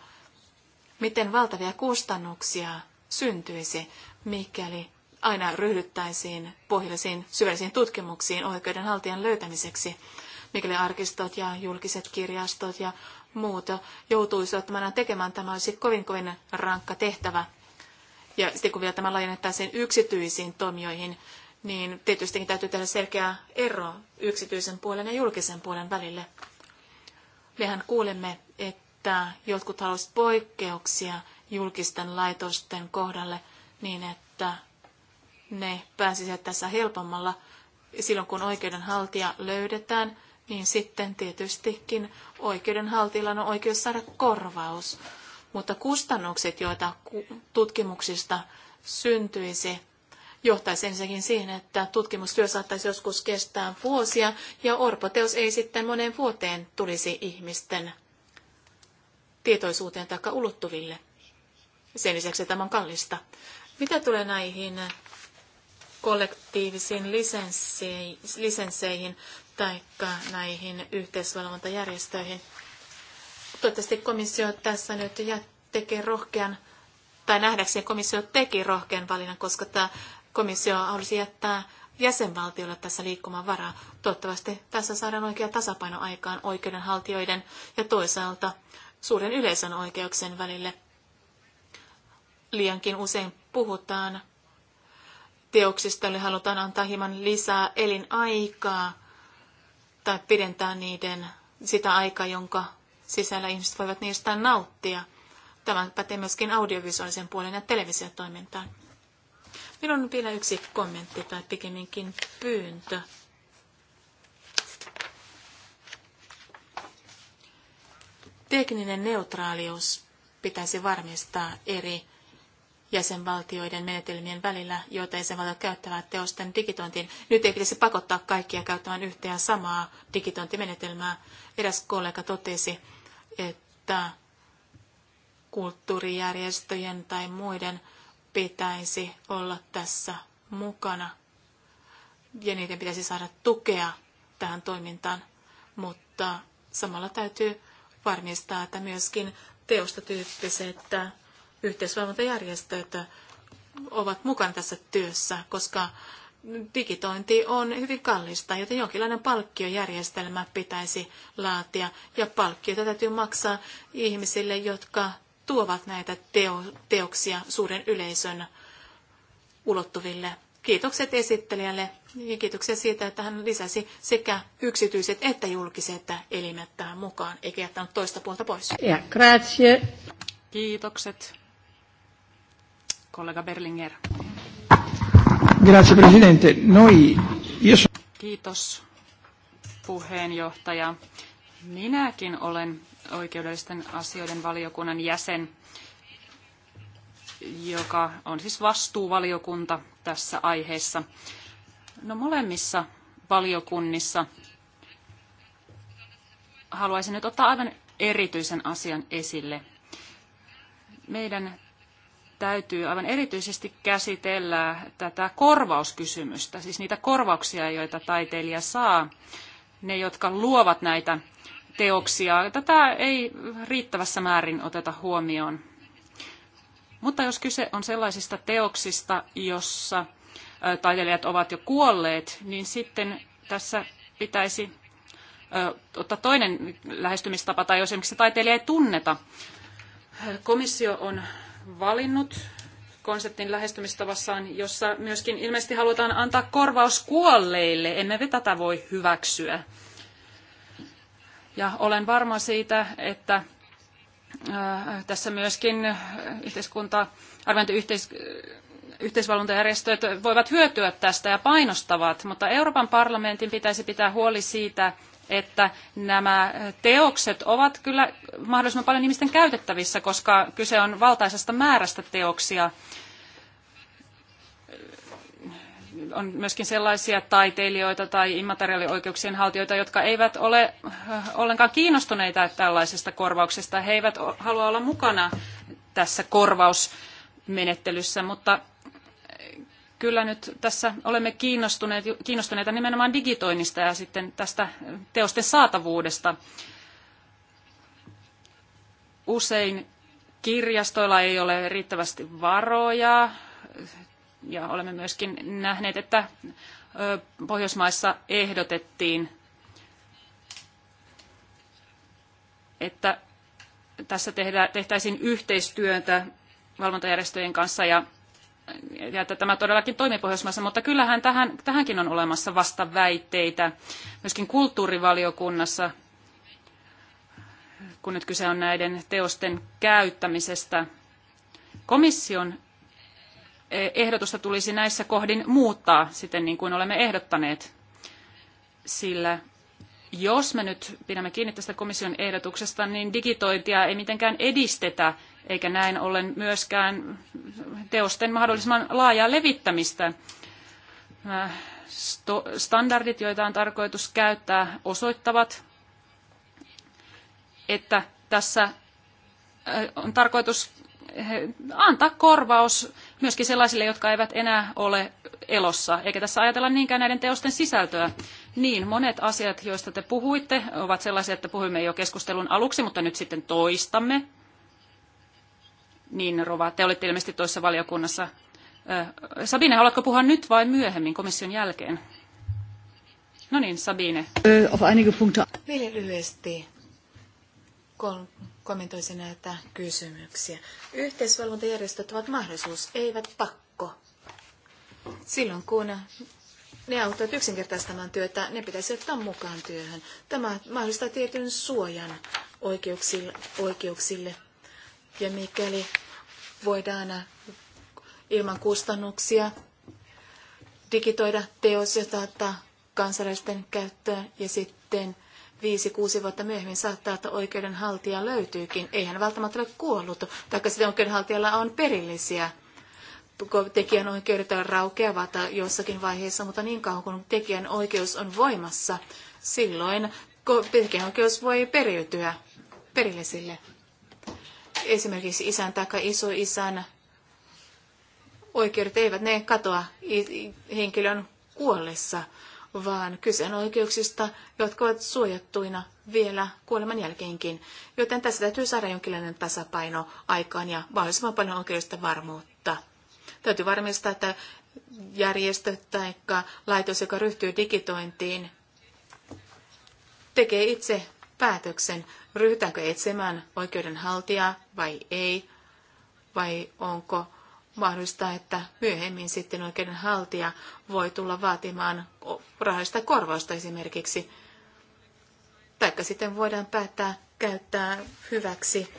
miten valtavia kustannuksia syntyisi, mikäli aina ryhdyttäisiin pohjallisiin syvällisiin tutkimuksiin oikeudenhaltijan löytämiseksi, mikäli arkistot ja julkiset kirjastot ja muut joutuisivat tämän tekemään. Tämä olisi kovin kovin rankka tehtävä. Ja sitten kun vielä tämä laajennettaisiin yksityisiin toimijoihin, niin tietystikin täytyy tehdä selkeä ero yksityisen puolen ja julkisen puolen välille. Mehän kuulemme, että jotkut haluaisivat poikkeuksia – julkisten laitosten kohdalle niin, että ne pääsisivät tässä helpommalla. Silloin kun oikeudenhaltija löydetään, niin sitten tietystikin oikeudenhaltijalla on oikeus saada korvaus. Mutta kustannukset, joita tutkimuksista syntyisi, johtaisi ensinnäkin siihen, että tutkimustyö saattaisi joskus kestää vuosia ja orpoteus ei sitten moneen vuoteen tulisi ihmisten tietoisuuteen tai ulottuville. Sen lisäksi tämä on kallista. Mitä tulee näihin kollektiivisiin lisensseihin tai näihin yhteisvalvontajärjestöihin? Toivottavasti komissio tässä nyt tekee rohkean, tai nähdäkseni komissio teki rohkean valinnan, koska tämä komissio halusi jättää jäsenvaltiolle tässä varaa. Toivottavasti tässä saadaan oikea tasapaino aikaan oikeudenhaltijoiden ja toisaalta suuren yleisön oikeuksien välille liiankin usein puhutaan teoksista, joille halutaan antaa hieman lisää elinaikaa tai pidentää niiden sitä aikaa, jonka sisällä ihmiset voivat niistä nauttia. Tämä pätee myöskin audiovisuaalisen puolen ja televisiotoimintaan. Minulla on vielä yksi kommentti tai pikemminkin pyyntö. Tekninen neutraalius pitäisi varmistaa eri jäsenvaltioiden menetelmien välillä, joita jäsenvaltiot käyttävät teosten digitointiin. Nyt ei pitäisi pakottaa kaikkia käyttämään yhtä ja samaa digitointimenetelmää. Eräs kollega totesi, että kulttuurijärjestöjen tai muiden pitäisi olla tässä mukana ja niiden pitäisi saada tukea tähän toimintaan, mutta samalla täytyy varmistaa, että myöskin teostotyyppiset yhteisvalvontajärjestöt ovat mukana tässä työssä, koska digitointi on hyvin kallista, joten jonkinlainen palkkiojärjestelmä pitäisi laatia. Ja palkkioita täytyy maksaa ihmisille, jotka tuovat näitä teo, teoksia suuren yleisön ulottuville. Kiitokset esittelijälle ja kiitoksia siitä, että hän lisäsi sekä yksityiset että julkiset elimet tähän mukaan, eikä jättänyt toista puolta pois. Ja grazie. Kiitokset. Berlinger. Grazie presidente. Noi, io so... Kiitos puheenjohtaja. Minäkin olen oikeudellisten asioiden valiokunnan jäsen, joka on siis vastuuvaliokunta tässä aiheessa. No molemmissa valiokunnissa haluaisin nyt ottaa aivan erityisen asian esille. Meidän täytyy aivan erityisesti käsitellä tätä korvauskysymystä, siis niitä korvauksia, joita taiteilija saa, ne, jotka luovat näitä teoksia. Tätä ei riittävässä määrin oteta huomioon. Mutta jos kyse on sellaisista teoksista, jossa taiteilijat ovat jo kuolleet, niin sitten tässä pitäisi ottaa toinen lähestymistapa, tai jos esimerkiksi taiteilija ei tunneta. Komissio on valinnut konseptin lähestymistavassaan, jossa myöskin ilmeisesti halutaan antaa korvaus kuolleille. Emme me tätä voi hyväksyä. Ja olen varma siitä, että äh, tässä myöskin yhteiskunta, arviointiyhteis, yhteisvalvontajärjestöt voivat hyötyä tästä ja painostavat, mutta Euroopan parlamentin pitäisi pitää huoli siitä, että nämä teokset ovat kyllä mahdollisimman paljon ihmisten käytettävissä, koska kyse on valtaisesta määrästä teoksia. On myöskin sellaisia taiteilijoita tai immateriaalioikeuksien haltijoita, jotka eivät ole äh, ollenkaan kiinnostuneita tällaisesta korvauksesta. He eivät halua olla mukana tässä korvausmenettelyssä, mutta kyllä nyt tässä olemme kiinnostuneet, kiinnostuneita nimenomaan digitoinnista ja sitten tästä teosten saatavuudesta. Usein kirjastoilla ei ole riittävästi varoja ja olemme myöskin nähneet, että Pohjoismaissa ehdotettiin, että tässä tehtäisiin yhteistyötä valvontajärjestöjen kanssa ja ja että tämä todellakin toimii Pohjoismaissa, mutta kyllähän tähän, tähänkin on olemassa vasta väitteitä. Myöskin kulttuurivaliokunnassa, kun nyt kyse on näiden teosten käyttämisestä, komission e, ehdotusta tulisi näissä kohdin muuttaa siten niin kuin olemme ehdottaneet, sillä jos me nyt pidämme kiinni tästä komission ehdotuksesta, niin digitointia ei mitenkään edistetä, eikä näin ollen myöskään teosten mahdollisimman laajaa levittämistä. Standardit, joita on tarkoitus käyttää, osoittavat, että tässä äh, on tarkoitus äh, antaa korvaus myöskin sellaisille, jotka eivät enää ole elossa, eikä tässä ajatella niinkään näiden teosten sisältöä. Niin, monet asiat, joista te puhuitte, ovat sellaisia, että puhuimme jo keskustelun aluksi, mutta nyt sitten toistamme. Niin, Rova, te olitte ilmeisesti toisessa valiokunnassa. Sabine, haluatko puhua nyt vai myöhemmin komission jälkeen? No niin, Sabine. Vielä lyhyesti kommentoisin näitä kysymyksiä. Yhteisvalvontajärjestöt ovat mahdollisuus, eivät pakko. Silloin kun ne auttavat yksinkertaistamaan työtä, ne pitäisi ottaa mukaan työhön. Tämä mahdollistaa tietyn suojan oikeuksille, oikeuksille. Ja mikäli voidaan ilman kustannuksia digitoida teos, jota ottaa kansalaisten käyttöön ja sitten viisi, kuusi vuotta myöhemmin saattaa, että oikeudenhaltija löytyykin. Eihän välttämättä ole kuollut, taikka sitten oikeudenhaltijalla on perillisiä tekijänoikeudet raukeavat jossakin vaiheessa, mutta niin kauan kuin tekijänoikeus on voimassa, silloin tekijänoikeus voi periytyä perille sille. Esimerkiksi isän tai isoisän oikeudet eivät ne katoa henkilön kuollessa, vaan kyse on oikeuksista, jotka ovat suojattuina vielä kuoleman jälkeenkin. Joten tässä täytyy saada jonkinlainen tasapaino aikaan ja mahdollisimman paljon oikeudesta varmuutta. Täytyy varmistaa, että järjestö tai laitos, joka ryhtyy digitointiin, tekee itse päätöksen, ryhdytäänkö etsimään oikeudenhaltijaa vai ei, vai onko mahdollista, että myöhemmin sitten oikeudenhaltija voi tulla vaatimaan rahallista korvausta esimerkiksi. Taikka sitten voidaan päättää käyttää hyväksi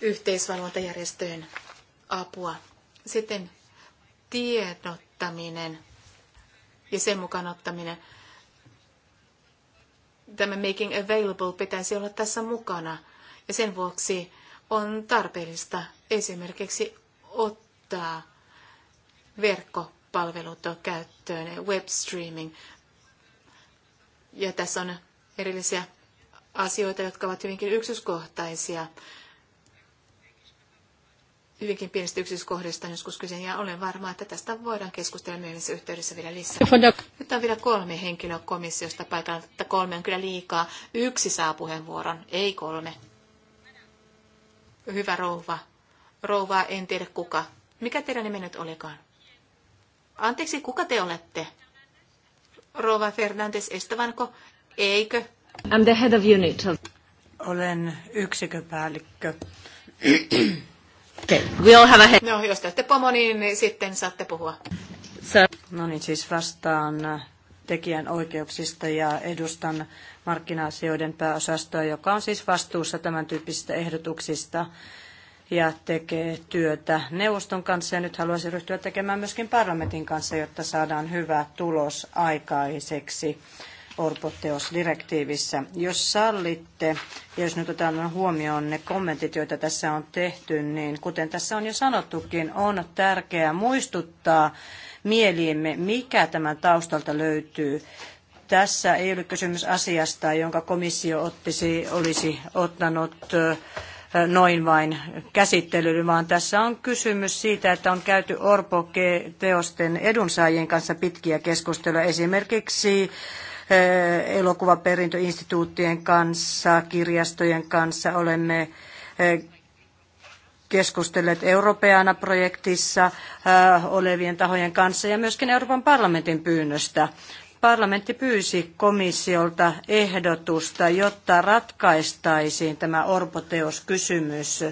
yhteisvalvontajärjestöjen apua. Sitten tiedottaminen ja sen mukaan ottaminen. Tämä making available pitäisi olla tässä mukana. Ja sen vuoksi on tarpeellista esimerkiksi ottaa verkkopalvelut käyttöön, webstreaming. Ja tässä on erillisiä asioita, jotka ovat hyvinkin yksityiskohtaisia hyvinkin pienistä yksityiskohdista niin joskus kyse, ja olen varma, että tästä voidaan keskustella myöhemmässä yhteydessä vielä lisää. Nyt on vielä kolme henkilöä komissiosta paikalla, että kolme on kyllä liikaa. Yksi saa puheenvuoron, ei kolme. Hyvä rouva. Rouva, en tiedä kuka. Mikä teidän nimenne nyt olikaan? Anteeksi, kuka te olette? Rouva Fernandes Estavanko, eikö? I'm the head of unit. Olen yksiköpäällikkö Okay, we'll have a head. No, jos te olette pomo, niin sitten saatte puhua. No niin, siis vastaan tekijän oikeuksista ja edustan markkina-asioiden pääosastoa, joka on siis vastuussa tämän tyyppisistä ehdotuksista ja tekee työtä neuvoston kanssa ja nyt haluaisin ryhtyä tekemään myöskin parlamentin kanssa, jotta saadaan hyvä tulos aikaiseksi orpoteosdirektiivissä. Jos sallitte, ja jos nyt otetaan huomioon ne kommentit, joita tässä on tehty, niin kuten tässä on jo sanottukin, on tärkeää muistuttaa mieliimme, mikä tämän taustalta löytyy. Tässä ei ole kysymys asiasta, jonka komissio ottisi, olisi ottanut noin vain käsittelyyn, vaan tässä on kysymys siitä, että on käyty Orpo-teosten edunsaajien kanssa pitkiä keskusteluja. Esimerkiksi Eh, elokuvaperintöinstituuttien kanssa, kirjastojen kanssa. Olemme eh, keskustelleet Europeana projektissa eh, olevien tahojen kanssa ja myöskin Euroopan parlamentin pyynnöstä parlamentti pyysi komissiolta ehdotusta, jotta ratkaistaisiin tämä orpoteoskysymys.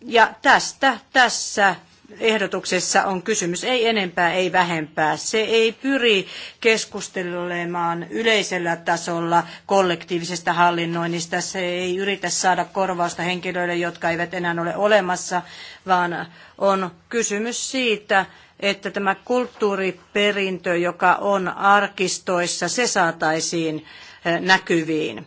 Ja tästä tässä ehdotuksessa on kysymys, ei enempää, ei vähempää. Se ei pyri keskustelemaan yleisellä tasolla kollektiivisesta hallinnoinnista. Se ei yritä saada korvausta henkilöille, jotka eivät enää ole olemassa, vaan on kysymys siitä, että tämä kulttuuriperintö, joka on arkistoissa, se saataisiin eh, näkyviin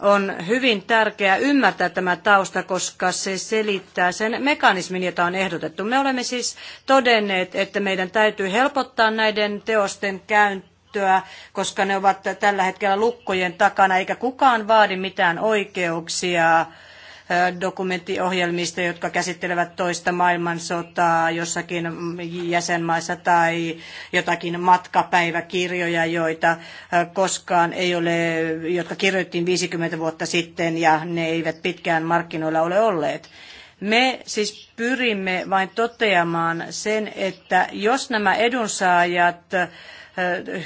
on hyvin tärkeää ymmärtää tämä tausta, koska se selittää sen mekanismin, jota on ehdotettu. Me olemme siis todenneet, että meidän täytyy helpottaa näiden teosten käyttöä, koska ne ovat tällä hetkellä lukkojen takana, eikä kukaan vaadi mitään oikeuksia dokumenttiohjelmista, jotka käsittelevät toista maailmansotaa jossakin jäsenmaissa tai jotakin matkapäiväkirjoja, joita koskaan ei ole, jotka kirjoittiin 50 vuotta sitten ja ne eivät pitkään markkinoilla ole olleet. Me siis pyrimme vain toteamaan sen, että jos nämä edunsaajat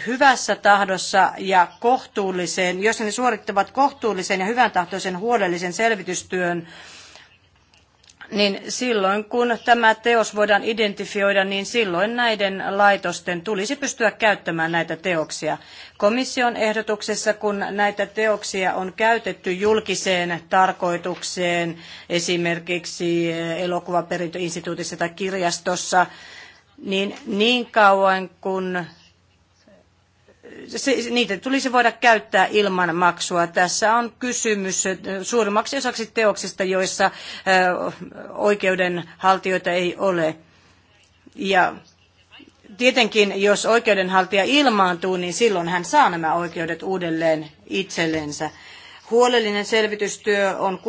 hyvässä tahdossa ja kohtuulliseen, jos ne suorittavat kohtuullisen ja hyvän tahtoisen huolellisen selvitystyön, niin silloin kun tämä teos voidaan identifioida, niin silloin näiden laitosten tulisi pystyä käyttämään näitä teoksia. Komission ehdotuksessa, kun näitä teoksia on käytetty julkiseen tarkoitukseen, esimerkiksi elokuvaperintöinstituutissa tai kirjastossa, niin niin kauan kun se, niitä tulisi voida käyttää ilman maksua. Tässä on kysymys suurimmaksi osaksi teoksista, joissa oikeudenhaltijoita ei ole. Ja tietenkin, jos oikeudenhaltija ilmaantuu, niin silloin hän saa nämä oikeudet uudelleen itsellensä. Huolellinen selvitystyö on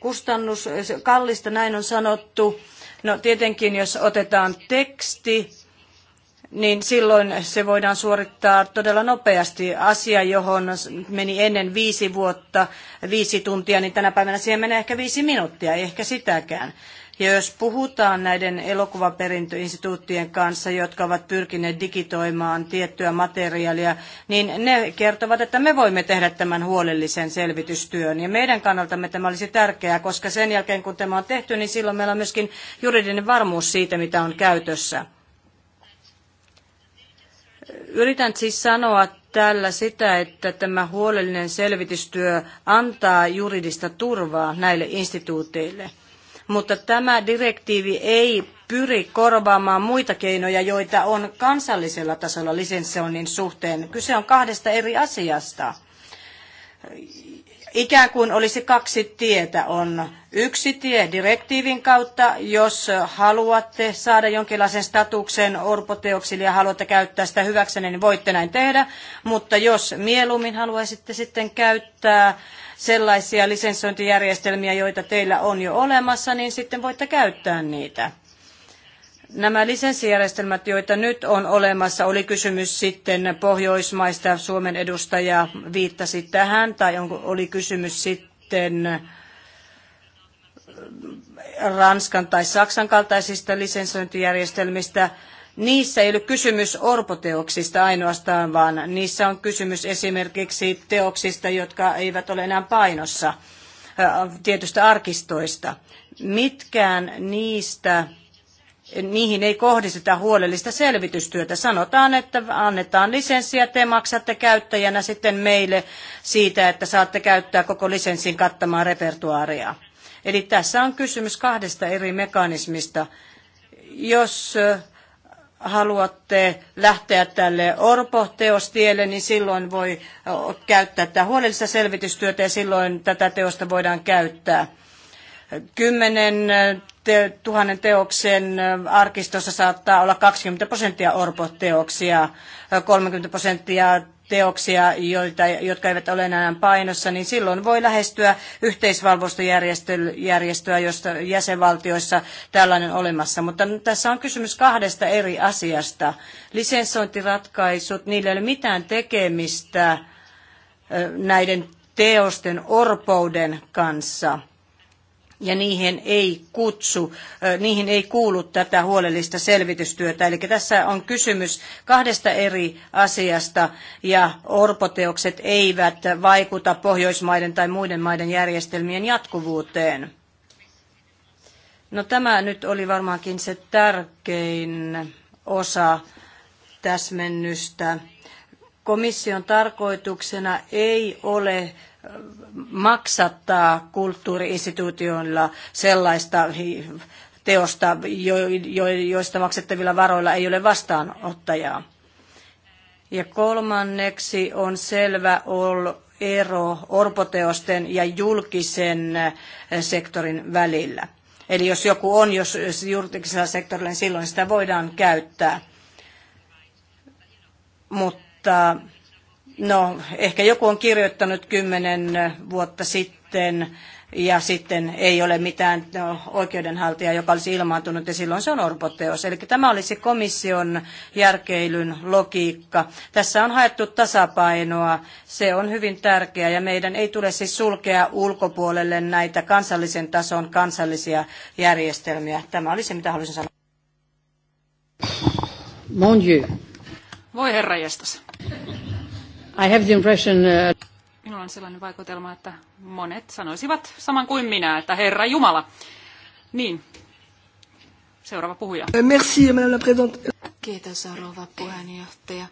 kustannus, kallista, näin on sanottu. No tietenkin, jos otetaan teksti, niin silloin se voidaan suorittaa todella nopeasti. Asia, johon meni ennen viisi vuotta, viisi tuntia, niin tänä päivänä siihen menee ehkä viisi minuuttia, ei ehkä sitäkään. Ja jos puhutaan näiden elokuvaperintöinstituuttien kanssa, jotka ovat pyrkineet digitoimaan tiettyä materiaalia, niin ne kertovat, että me voimme tehdä tämän huolellisen selvitystyön. Ja meidän kannaltamme tämä olisi tärkeää, koska sen jälkeen kun tämä on tehty, niin silloin meillä on myöskin juridinen varmuus siitä, mitä on käytössä. Yritän siis sanoa tällä sitä, että tämä huolellinen selvitystyö antaa juridista turvaa näille instituuteille. Mutta tämä direktiivi ei pyri korvaamaan muita keinoja, joita on kansallisella tasolla lisenssoinnin suhteen. Kyse on kahdesta eri asiasta Ikään kuin olisi kaksi tietä. On yksi tie direktiivin kautta, jos haluatte saada jonkinlaisen statuksen orpoteoksille ja haluatte käyttää sitä hyväksenne, niin voitte näin tehdä. Mutta jos mieluummin haluaisitte sitten käyttää sellaisia lisensointijärjestelmiä, joita teillä on jo olemassa, niin sitten voitte käyttää niitä. Nämä lisenssijärjestelmät, joita nyt on olemassa, oli kysymys sitten Pohjoismaista, Suomen edustaja viittasi tähän, tai onko, oli kysymys sitten äh, Ranskan tai Saksan kaltaisista lisensointijärjestelmistä. Niissä ei ole kysymys orpoteoksista ainoastaan, vaan niissä on kysymys esimerkiksi teoksista, jotka eivät ole enää painossa, äh, tietystä arkistoista. Mitkään niistä niihin ei kohdisteta huolellista selvitystyötä. Sanotaan, että annetaan lisenssi ja te maksatte käyttäjänä sitten meille siitä, että saatte käyttää koko lisenssin kattamaa repertuaaria. Eli tässä on kysymys kahdesta eri mekanismista. Jos äh, haluatte lähteä tälle orpo-teostielle, niin silloin voi äh, käyttää tätä huolellista selvitystyötä ja silloin tätä teosta voidaan käyttää. Kymmenen äh, te, tuhannen teoksen arkistossa saattaa olla 20 prosenttia orpoteoksia, 30 prosenttia teoksia, joita, jotka eivät ole enää painossa, niin silloin voi lähestyä yhteisvalvostojärjestöä, josta jäsenvaltioissa tällainen olemassa. Mutta tässä on kysymys kahdesta eri asiasta. Lisenssointiratkaisut, niillä ei ole mitään tekemistä näiden teosten orpouden kanssa – ja niihin ei, kutsu, niihin ei kuulu tätä huolellista selvitystyötä. Eli tässä on kysymys kahdesta eri asiasta ja orpoteokset eivät vaikuta Pohjoismaiden tai muiden maiden järjestelmien jatkuvuuteen. No tämä nyt oli varmaankin se tärkein osa täsmennystä. Komission tarkoituksena ei ole maksattaa kulttuuriinstituutioilla sellaista teosta, joista maksettavilla varoilla ei ole vastaanottajaa. Ja kolmanneksi on selvä ero orpoteosten ja julkisen eh, sektorin välillä. Eli jos joku on, jos julkisella sektorilla, niin silloin sitä voidaan käyttää. Mutta No, ehkä joku on kirjoittanut kymmenen vuotta sitten ja sitten ei ole mitään no, oikeudenhaltijaa, joka olisi ilmaantunut, ja silloin se on orpoteos. Eli tämä olisi komission järkeilyn logiikka. Tässä on haettu tasapainoa, se on hyvin tärkeää, ja meidän ei tule siis sulkea ulkopuolelle näitä kansallisen tason kansallisia järjestelmiä. Tämä oli se, mitä halusin sanoa. Mon Dieu. Voi herra jästäs. I have the impression, uh... Minulla on sellainen vaikutelma, että monet sanoisivat saman kuin minä, että Herra Jumala. Niin, seuraava puhuja. Euh, merci, la Kiitos, rouva puheenjohtaja.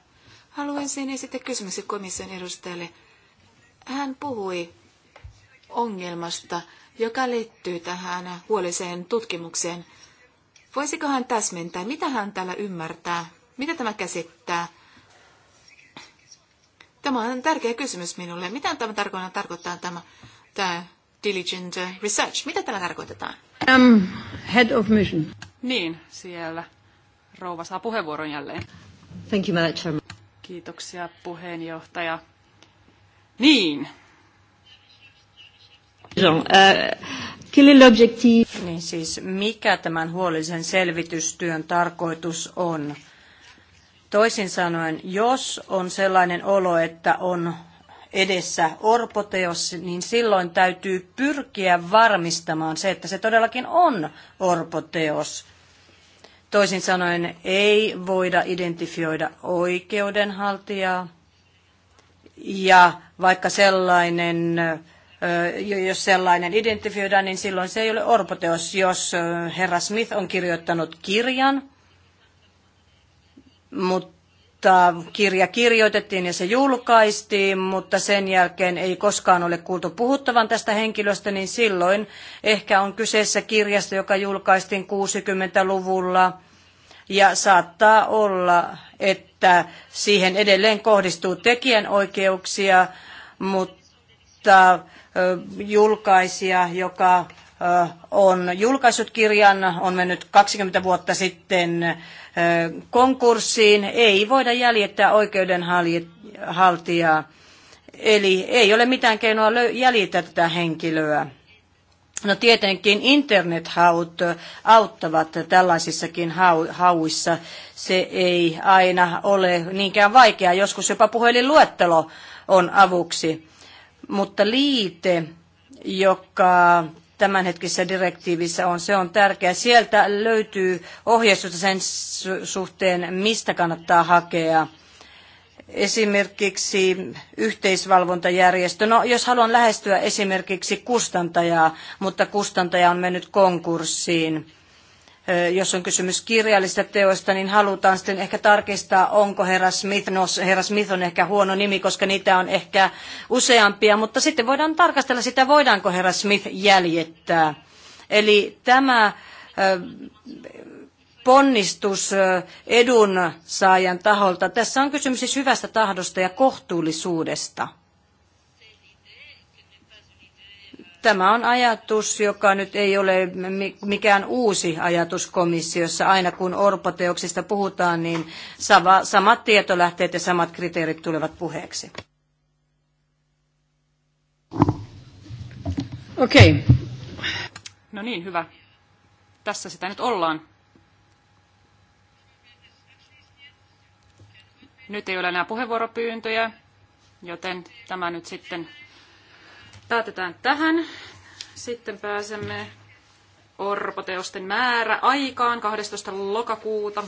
Haluaisin esittää kysymyksen komission edustajalle. Hän puhui ongelmasta, joka liittyy tähän huoliseen tutkimukseen. Voisiko hän täsmentää, mitä hän täällä ymmärtää? Mitä tämä käsittää? Tämä on tärkeä kysymys minulle. Mitä tämä tarkoittaa, tarkoittaa tämä, tämä diligent research? Mitä tämä tarkoitetaan? Um, head of mission. Niin, siellä rouva saa puheenvuoron jälleen. Thank you, Madam Chairman. Kiitoksia puheenjohtaja. Niin. Uh, Jean, äh, Niin siis mikä tämän huolisen selvitystyön tarkoitus on? Toisin sanoen, jos on sellainen olo, että on edessä orpoteos, niin silloin täytyy pyrkiä varmistamaan se, että se todellakin on orpoteos. Toisin sanoen ei voida identifioida oikeudenhaltijaa. Ja vaikka sellainen, jos sellainen identifioidaan, niin silloin se ei ole orpoteos. Jos herra Smith on kirjoittanut kirjan, mutta kirja kirjoitettiin ja se julkaistiin, mutta sen jälkeen ei koskaan ole kuultu puhuttavan tästä henkilöstä, niin silloin ehkä on kyseessä kirjasta, joka julkaistiin 60-luvulla ja saattaa olla, että siihen edelleen kohdistuu tekijänoikeuksia, mutta julkaisija, joka on julkaissut kirjan, on mennyt 20 vuotta sitten konkurssiin, ei voida jäljittää oikeudenhaltijaa. Eli ei ole mitään keinoa jäljittää tätä henkilöä. No tietenkin internethaut auttavat tällaisissakin hauissa. Se ei aina ole niinkään vaikeaa, joskus jopa puhelinluettelo on avuksi. Mutta liite, joka tämänhetkisessä direktiivissä on. Se on tärkeää. Sieltä löytyy ohjeistusta sen suhteen, mistä kannattaa hakea esimerkiksi yhteisvalvontajärjestö. No, jos haluan lähestyä esimerkiksi kustantajaa, mutta kustantaja on mennyt konkurssiin, jos on kysymys kirjallisista teoista, niin halutaan sitten ehkä tarkistaa, onko herra Smith, no herra Smith on ehkä huono nimi, koska niitä on ehkä useampia, mutta sitten voidaan tarkastella sitä, voidaanko herra Smith jäljittää. Eli tämä ponnistus edunsaajan taholta, tässä on kysymys siis hyvästä tahdosta ja kohtuullisuudesta. Tämä on ajatus, joka nyt ei ole mikään uusi ajatus komissiossa. Aina kun orpoteoksista puhutaan, niin sama, samat tietolähteet ja samat kriteerit tulevat puheeksi. Okei. Okay. No niin, hyvä. Tässä sitä nyt ollaan. Nyt ei ole enää puheenvuoropyyntöjä, joten tämä nyt sitten päätetään tähän. Sitten pääsemme orpoteosten määrä aikaan 12. lokakuuta,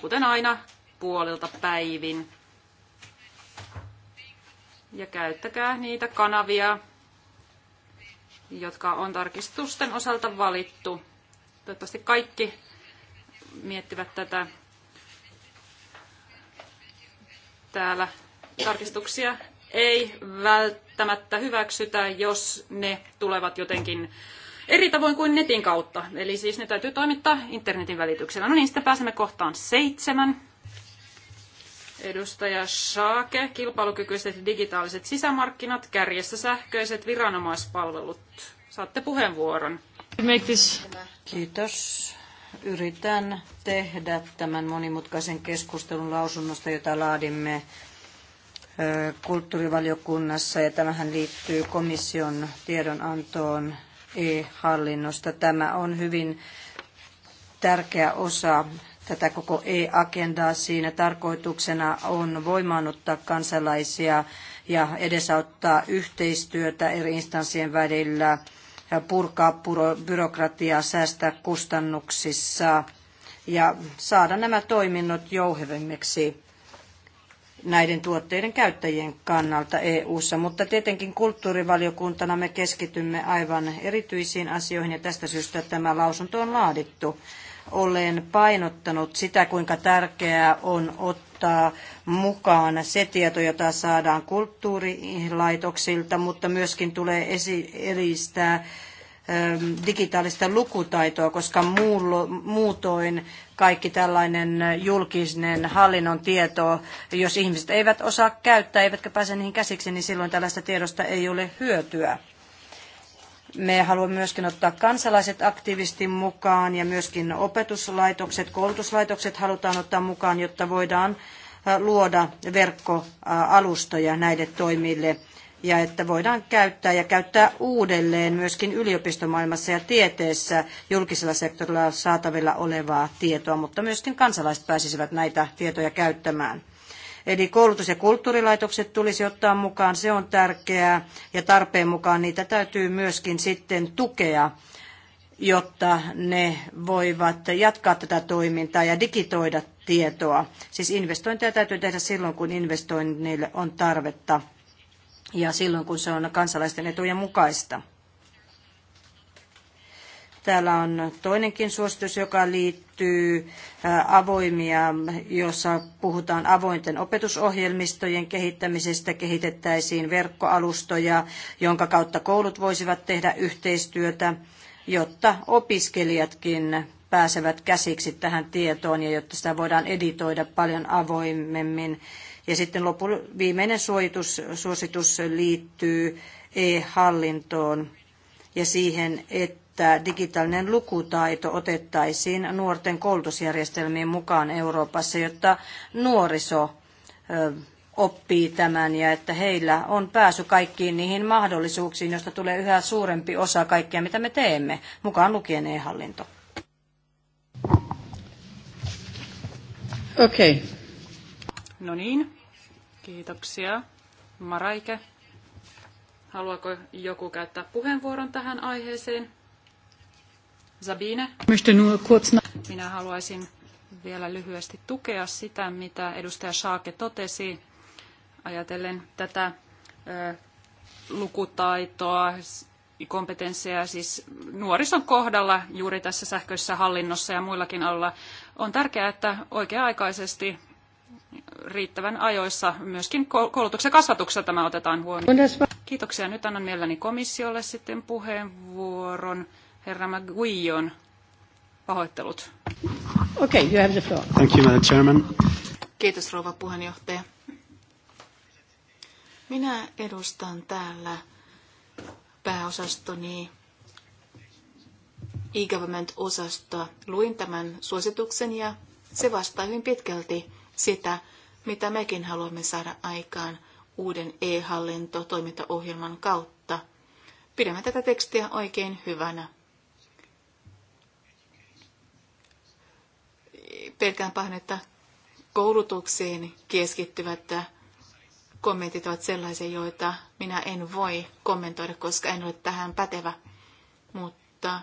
kuten aina puolilta päivin. Ja käyttäkää niitä kanavia, jotka on tarkistusten osalta valittu. Toivottavasti kaikki miettivät tätä täällä tarkistuksia ei välttämättä hyväksytä, jos ne tulevat jotenkin eri tavoin kuin netin kautta. Eli siis ne täytyy toimittaa internetin välityksellä. No niin, sitten pääsemme kohtaan seitsemän. Edustaja Saake, kilpailukykyiset digitaaliset sisämarkkinat, kärjessä sähköiset viranomaispalvelut. Saatte puheenvuoron. Kiitos. Yritän tehdä tämän monimutkaisen keskustelun lausunnosta, jota laadimme kulttuurivaliokunnassa ja tämähän liittyy komission tiedonantoon e-hallinnosta. Tämä on hyvin tärkeä osa tätä koko e-agendaa. Siinä tarkoituksena on voimaannuttaa kansalaisia ja edesauttaa yhteistyötä eri instanssien välillä, purkaa byrokratiaa, säästää kustannuksissa ja saada nämä toiminnot jouhevimmiksi näiden tuotteiden käyttäjien kannalta EU:ssa, mutta tietenkin kulttuurivaliokuntana me keskitymme aivan erityisiin asioihin ja tästä syystä tämä lausunto on laadittu. Olen painottanut sitä, kuinka tärkeää on ottaa mukaan se tieto, jota saadaan kulttuurilaitoksilta, mutta myöskin tulee esi- edistää Ähm, digitaalista lukutaitoa, koska muutoin kaikki tällainen julkinen hallinnon tieto, jos ihmiset eivät osaa käyttää, eivätkä pääse niihin käsiksi, niin silloin tällaista tiedosta ei ole hyötyä. Me haluamme myöskin ottaa kansalaiset aktiivisesti mukaan ja myöskin opetuslaitokset, koulutuslaitokset halutaan ottaa mukaan, jotta voidaan äh, luoda verkkoalustoja näille toimille ja että voidaan käyttää ja käyttää uudelleen myöskin yliopistomaailmassa ja tieteessä julkisella sektorilla saatavilla olevaa tietoa, mutta myöskin kansalaiset pääsisivät näitä tietoja käyttämään. Eli koulutus- ja kulttuurilaitokset tulisi ottaa mukaan, se on tärkeää, ja tarpeen mukaan niitä täytyy myöskin sitten tukea, jotta ne voivat jatkaa tätä toimintaa ja digitoida tietoa. Siis investointeja täytyy tehdä silloin, kun investoinnille on tarvetta ja silloin kun se on kansalaisten etujen mukaista. Täällä on toinenkin suositus, joka liittyy avoimia, jossa puhutaan avointen opetusohjelmistojen kehittämisestä. Kehitettäisiin verkkoalustoja, jonka kautta koulut voisivat tehdä yhteistyötä, jotta opiskelijatkin pääsevät käsiksi tähän tietoon ja jotta sitä voidaan editoida paljon avoimemmin ja sitten lopu, viimeinen suositus, suositus liittyy e-hallintoon ja siihen, että digitaalinen lukutaito otettaisiin nuorten koulutusjärjestelmien mukaan Euroopassa, jotta nuoriso oppii tämän ja että heillä on pääsy kaikkiin niihin mahdollisuuksiin, joista tulee yhä suurempi osa kaikkea, mitä me teemme, mukaan lukien e-hallinto. Okei. Okay. No niin. Kiitoksia. Maraike, haluaako joku käyttää puheenvuoron tähän aiheeseen? Sabine? Minä haluaisin vielä lyhyesti tukea sitä, mitä edustaja Saake totesi ajatellen tätä lukutaitoa, kompetensseja siis nuorison kohdalla juuri tässä sähköisessä hallinnossa ja muillakin alla. On tärkeää, että oikea-aikaisesti riittävän ajoissa myöskin koulutuksen kasvatuksessa tämä otetaan huomioon. Kiitoksia. Nyt annan mielelläni komissiolle sitten puheenvuoron. Herra McGuillon, pahoittelut. Okay, you have the floor. Thank you, Madam Chairman. Kiitos, rouva puheenjohtaja. Minä edustan täällä pääosastoni e-government-osastoa. Luin tämän suosituksen ja se vastaa hyvin pitkälti sitä, mitä mekin haluamme saada aikaan uuden e-hallinto-toimintaohjelman kautta. Pidämme tätä tekstiä oikein hyvänä. Pelkään pahan, että koulutukseen keskittyvät kommentit ovat sellaisia, joita minä en voi kommentoida, koska en ole tähän pätevä. Mutta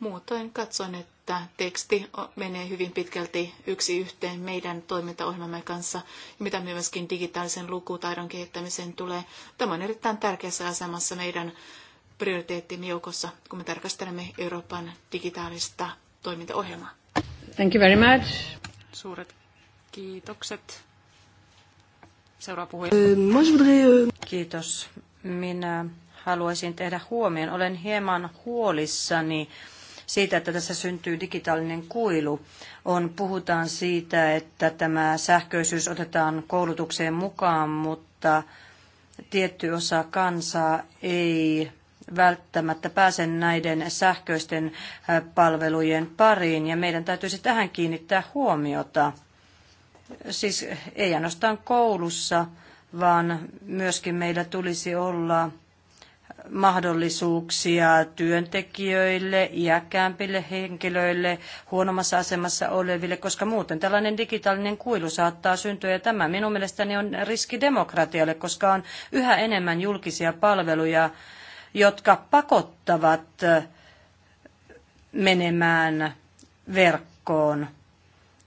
muutoin katson, että että teksti menee hyvin pitkälti yksi yhteen meidän toimintaohjelmamme kanssa, mitä myöskin digitaalisen lukutaidon kehittämiseen tulee. Tämä on erittäin tärkeässä asemassa meidän prioriteettimme joukossa, kun me tarkastelemme Euroopan digitaalista toimintaohjelmaa. Thank you very much. Suuret kiitokset. Seuraava puhuja. Euh, euh, Kiitos. Minä haluaisin tehdä huomioon. Olen hieman huolissani siitä, että tässä syntyy digitaalinen kuilu. On, puhutaan siitä, että tämä sähköisyys otetaan koulutukseen mukaan, mutta tietty osa kansaa ei välttämättä pääse näiden sähköisten palvelujen pariin, ja meidän täytyisi tähän kiinnittää huomiota. Siis ei ainoastaan koulussa, vaan myöskin meillä tulisi olla mahdollisuuksia työntekijöille, iäkkäämpille henkilöille, huonommassa asemassa oleville, koska muuten tällainen digitaalinen kuilu saattaa syntyä. Ja tämä minun mielestäni on riski demokratialle, koska on yhä enemmän julkisia palveluja, jotka pakottavat menemään verkkoon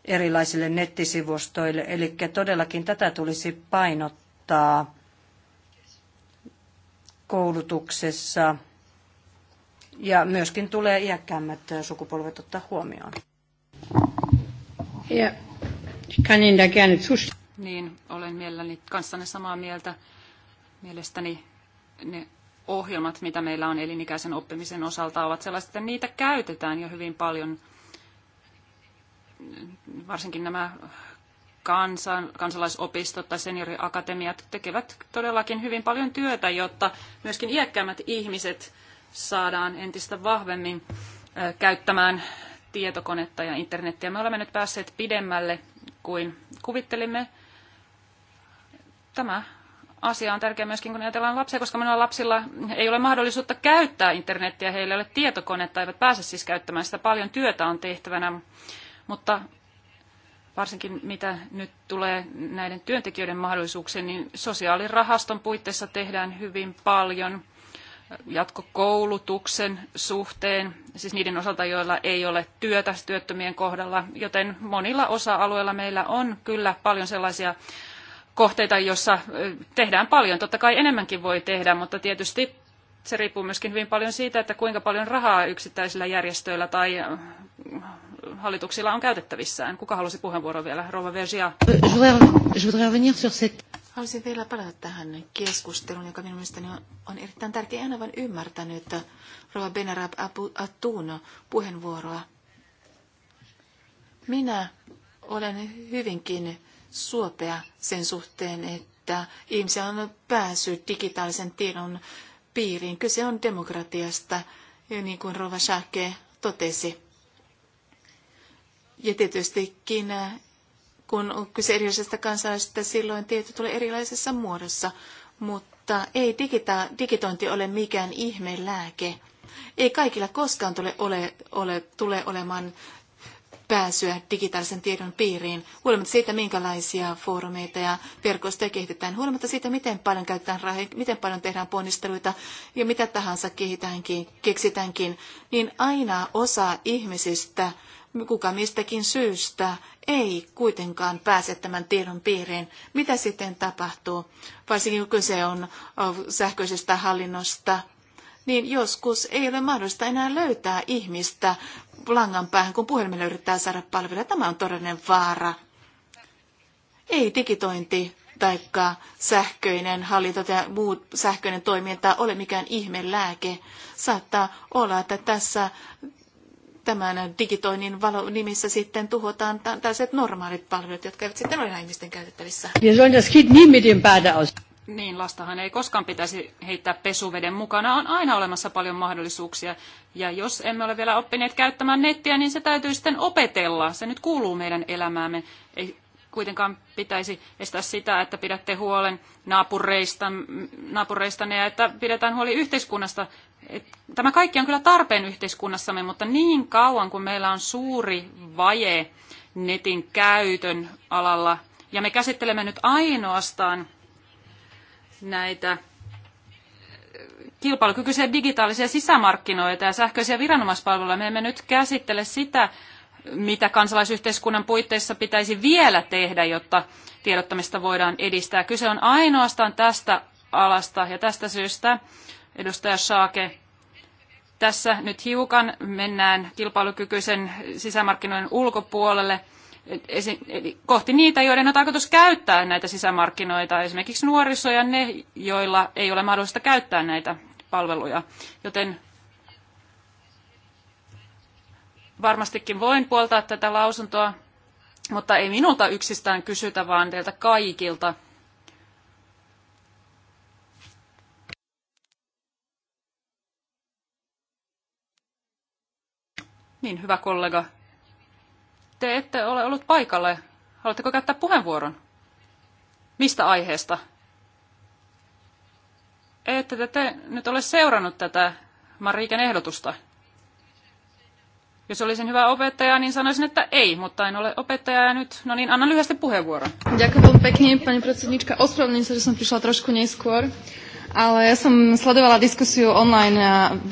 erilaisille nettisivustoille. Eli todellakin tätä tulisi painottaa koulutuksessa ja myöskin tulee iäkkäämmät sukupolvet ottaa huomioon. Ja kann Niin, olen mielelläni kanssanne samaa mieltä. Mielestäni ne ohjelmat, mitä meillä on elinikäisen oppimisen osalta, ovat sellaiset, että niitä käytetään jo hyvin paljon. Varsinkin nämä kansan, kansalaisopistot tai senioriakatemiat tekevät todellakin hyvin paljon työtä, jotta myöskin iäkkäämmät ihmiset saadaan entistä vahvemmin käyttämään tietokonetta ja internettiä. Me olemme nyt päässeet pidemmälle kuin kuvittelimme. Tämä asia on tärkeä myöskin, kun ajatellaan lapsia, koska minulla lapsilla ei ole mahdollisuutta käyttää internettiä, heillä ei ole tietokonetta, eivät pääse siis käyttämään sitä. Paljon työtä on tehtävänä, mutta varsinkin mitä nyt tulee näiden työntekijöiden mahdollisuuksiin, niin sosiaalirahaston puitteissa tehdään hyvin paljon jatkokoulutuksen suhteen, siis niiden osalta, joilla ei ole työtä työttömien kohdalla, joten monilla osa-alueilla meillä on kyllä paljon sellaisia kohteita, joissa tehdään paljon. Totta kai enemmänkin voi tehdä, mutta tietysti se riippuu myöskin hyvin paljon siitä, että kuinka paljon rahaa yksittäisillä järjestöillä tai hallituksilla on käytettävissään. Kuka halusi puheenvuoron vielä? Rova Vergia. Haluaisin vielä palata tähän keskusteluun, joka minun mielestäni on erittäin tärkeä. En aivan ymmärtänyt Rova Benarab Atun puheenvuoroa. Minä olen hyvinkin suopea sen suhteen, että ihmisiä on päässyt digitaalisen tiedon piiriin. Kyse on demokratiasta, niin kuin Rova Shake totesi. Ja tietystikin, äh, kun on kyse erilaisesta kansalaisesta, silloin tieto tulee erilaisessa muodossa, mutta ei digita- digitointi ole mikään ihmelääke. Ei kaikilla koskaan tule, ole, ole, tule olemaan pääsyä digitaalisen tiedon piiriin, huolimatta siitä, minkälaisia foorumeita ja verkostoja kehitetään, huolimatta siitä, miten paljon käytetään rahaa, miten paljon tehdään ponnisteluita ja mitä tahansa kehitäänkin, keksitäänkin, niin aina osa ihmisistä kuka mistäkin syystä ei kuitenkaan pääse tämän tiedon piiriin. Mitä sitten tapahtuu? Varsinkin kun kyse on sähköisestä hallinnosta, niin joskus ei ole mahdollista enää löytää ihmistä langan päähän, kun puhelimella yrittää saada palveluja. Tämä on todellinen vaara. Ei digitointi tai sähköinen hallinto tai muu sähköinen toiminta ole mikään lääke. Saattaa olla, että tässä tämän digitoinnin valo nimissä sitten tuhotaan tällaiset normaalit palvelut, jotka eivät sitten ole enää ihmisten käytettävissä. Ja se on Niin, lastahan ei koskaan pitäisi heittää pesuveden mukana. On aina olemassa paljon mahdollisuuksia. Ja jos emme ole vielä oppineet käyttämään nettiä, niin se täytyy sitten opetella. Se nyt kuuluu meidän elämäämme. Ei kuitenkaan pitäisi estää sitä, että pidätte huolen naapureista, naapureistanne ja että pidetään huoli yhteiskunnasta tämä kaikki on kyllä tarpeen yhteiskunnassamme, mutta niin kauan kuin meillä on suuri vaje netin käytön alalla, ja me käsittelemme nyt ainoastaan näitä äh, kilpailukykyisiä digitaalisia sisämarkkinoita ja sähköisiä viranomaispalveluja. Me emme nyt käsittele sitä, mitä kansalaisyhteiskunnan puitteissa pitäisi vielä tehdä, jotta tiedottamista voidaan edistää. Kyse on ainoastaan tästä alasta ja tästä syystä edustaja Saake. Tässä nyt hiukan mennään kilpailukykyisen sisämarkkinoiden ulkopuolelle eli kohti niitä, joiden on tarkoitus käyttää näitä sisämarkkinoita, esimerkiksi nuorisoja, ne, joilla ei ole mahdollista käyttää näitä palveluja. Joten varmastikin voin puoltaa tätä lausuntoa, mutta ei minulta yksistään kysytä, vaan teiltä kaikilta. Niin, hyvä kollega. Te ette ole ollut paikalle. Haluatteko käyttää puheenvuoron? Mistä aiheesta? Ette te, te nyt ole seurannut tätä Mariiken ehdotusta. Jos olisin hyvä opettaja, niin sanoisin, että ei, mutta en ole opettaja ja nyt. No niin, annan lyhyesti puheenvuoron. Ďakujem pekne, pani predsednička. Ospravedlňujem sa, že som prišla trošku neskôr. Ale ja som sledovala diskusiu online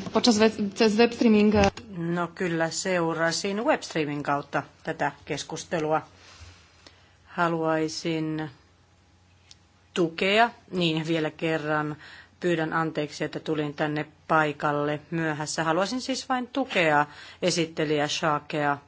počas cez webstreaming. E, no kyllä seurasin webstreamin kautta tätä keskustelua. Haluaisin tukea, niin vielä kerran pyydän anteeksi, että tulin tänne paikalle myöhässä. Haluaisin siis vain tukea esittelijä Shakea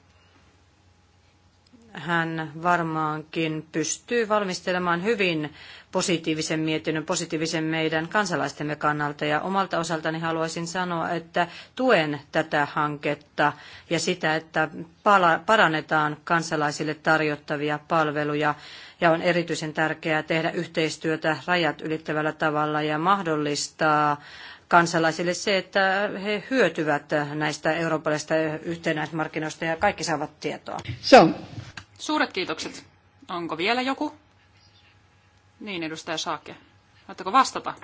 hän varmaankin pystyy valmistelemaan hyvin positiivisen mietinnön, positiivisen meidän kansalaistemme kannalta. Ja omalta osaltani haluaisin sanoa, että tuen tätä hanketta ja sitä, että parannetaan kansalaisille tarjottavia palveluja. Ja on erityisen tärkeää tehdä yhteistyötä rajat ylittävällä tavalla ja mahdollistaa kansalaisille se, että he hyötyvät näistä eurooppalaisista yhtenäismarkkinoista ja kaikki saavat tietoa. So, Suuret kiitokset. Onko vielä joku? Niin, edustaja Saake. Haluatteko vastata?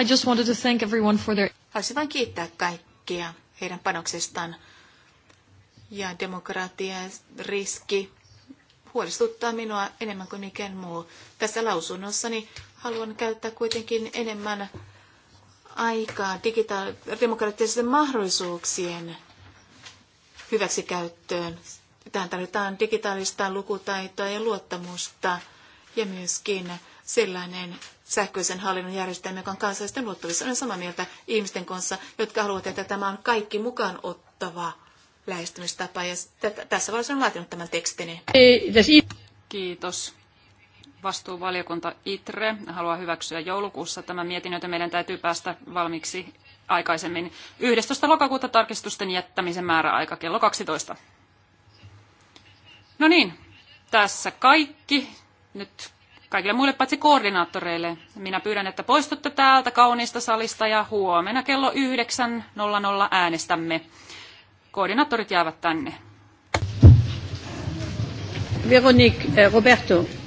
I just wanted to thank everyone for their... Haluaisin vain kiittää kaikkia heidän panoksestaan. Ja demokratian riski huolestuttaa minua enemmän kuin mikään muu. Tässä lausunnossani haluan käyttää kuitenkin enemmän aikaa digitaal- demokraattisten mahdollisuuksien hyväksikäyttöön Tähän tarvitaan digitaalista lukutaitoa ja luottamusta ja myöskin sellainen sähköisen hallinnon järjestelmä, joka on kansalaisten luottavissa. Olen samaa mieltä ihmisten kanssa, jotka haluavat, että tämä on kaikki mukaan ottava lähestymistapa. Ja tässä vaiheessa olen laatinut tämän tekstini. Kiitos. Vastuuvaliokunta ITRE haluaa hyväksyä joulukuussa tämä mietinnön, joten meidän täytyy päästä valmiiksi aikaisemmin. 11. lokakuuta tarkistusten jättämisen määräaika kello 12. No niin, tässä kaikki. Nyt kaikille muille paitsi koordinaattoreille. Minä pyydän, että poistutte täältä kauniista salista ja huomenna kello 9.00 äänestämme. Koordinaattorit jäävät tänne. Veronique, eh, Roberto.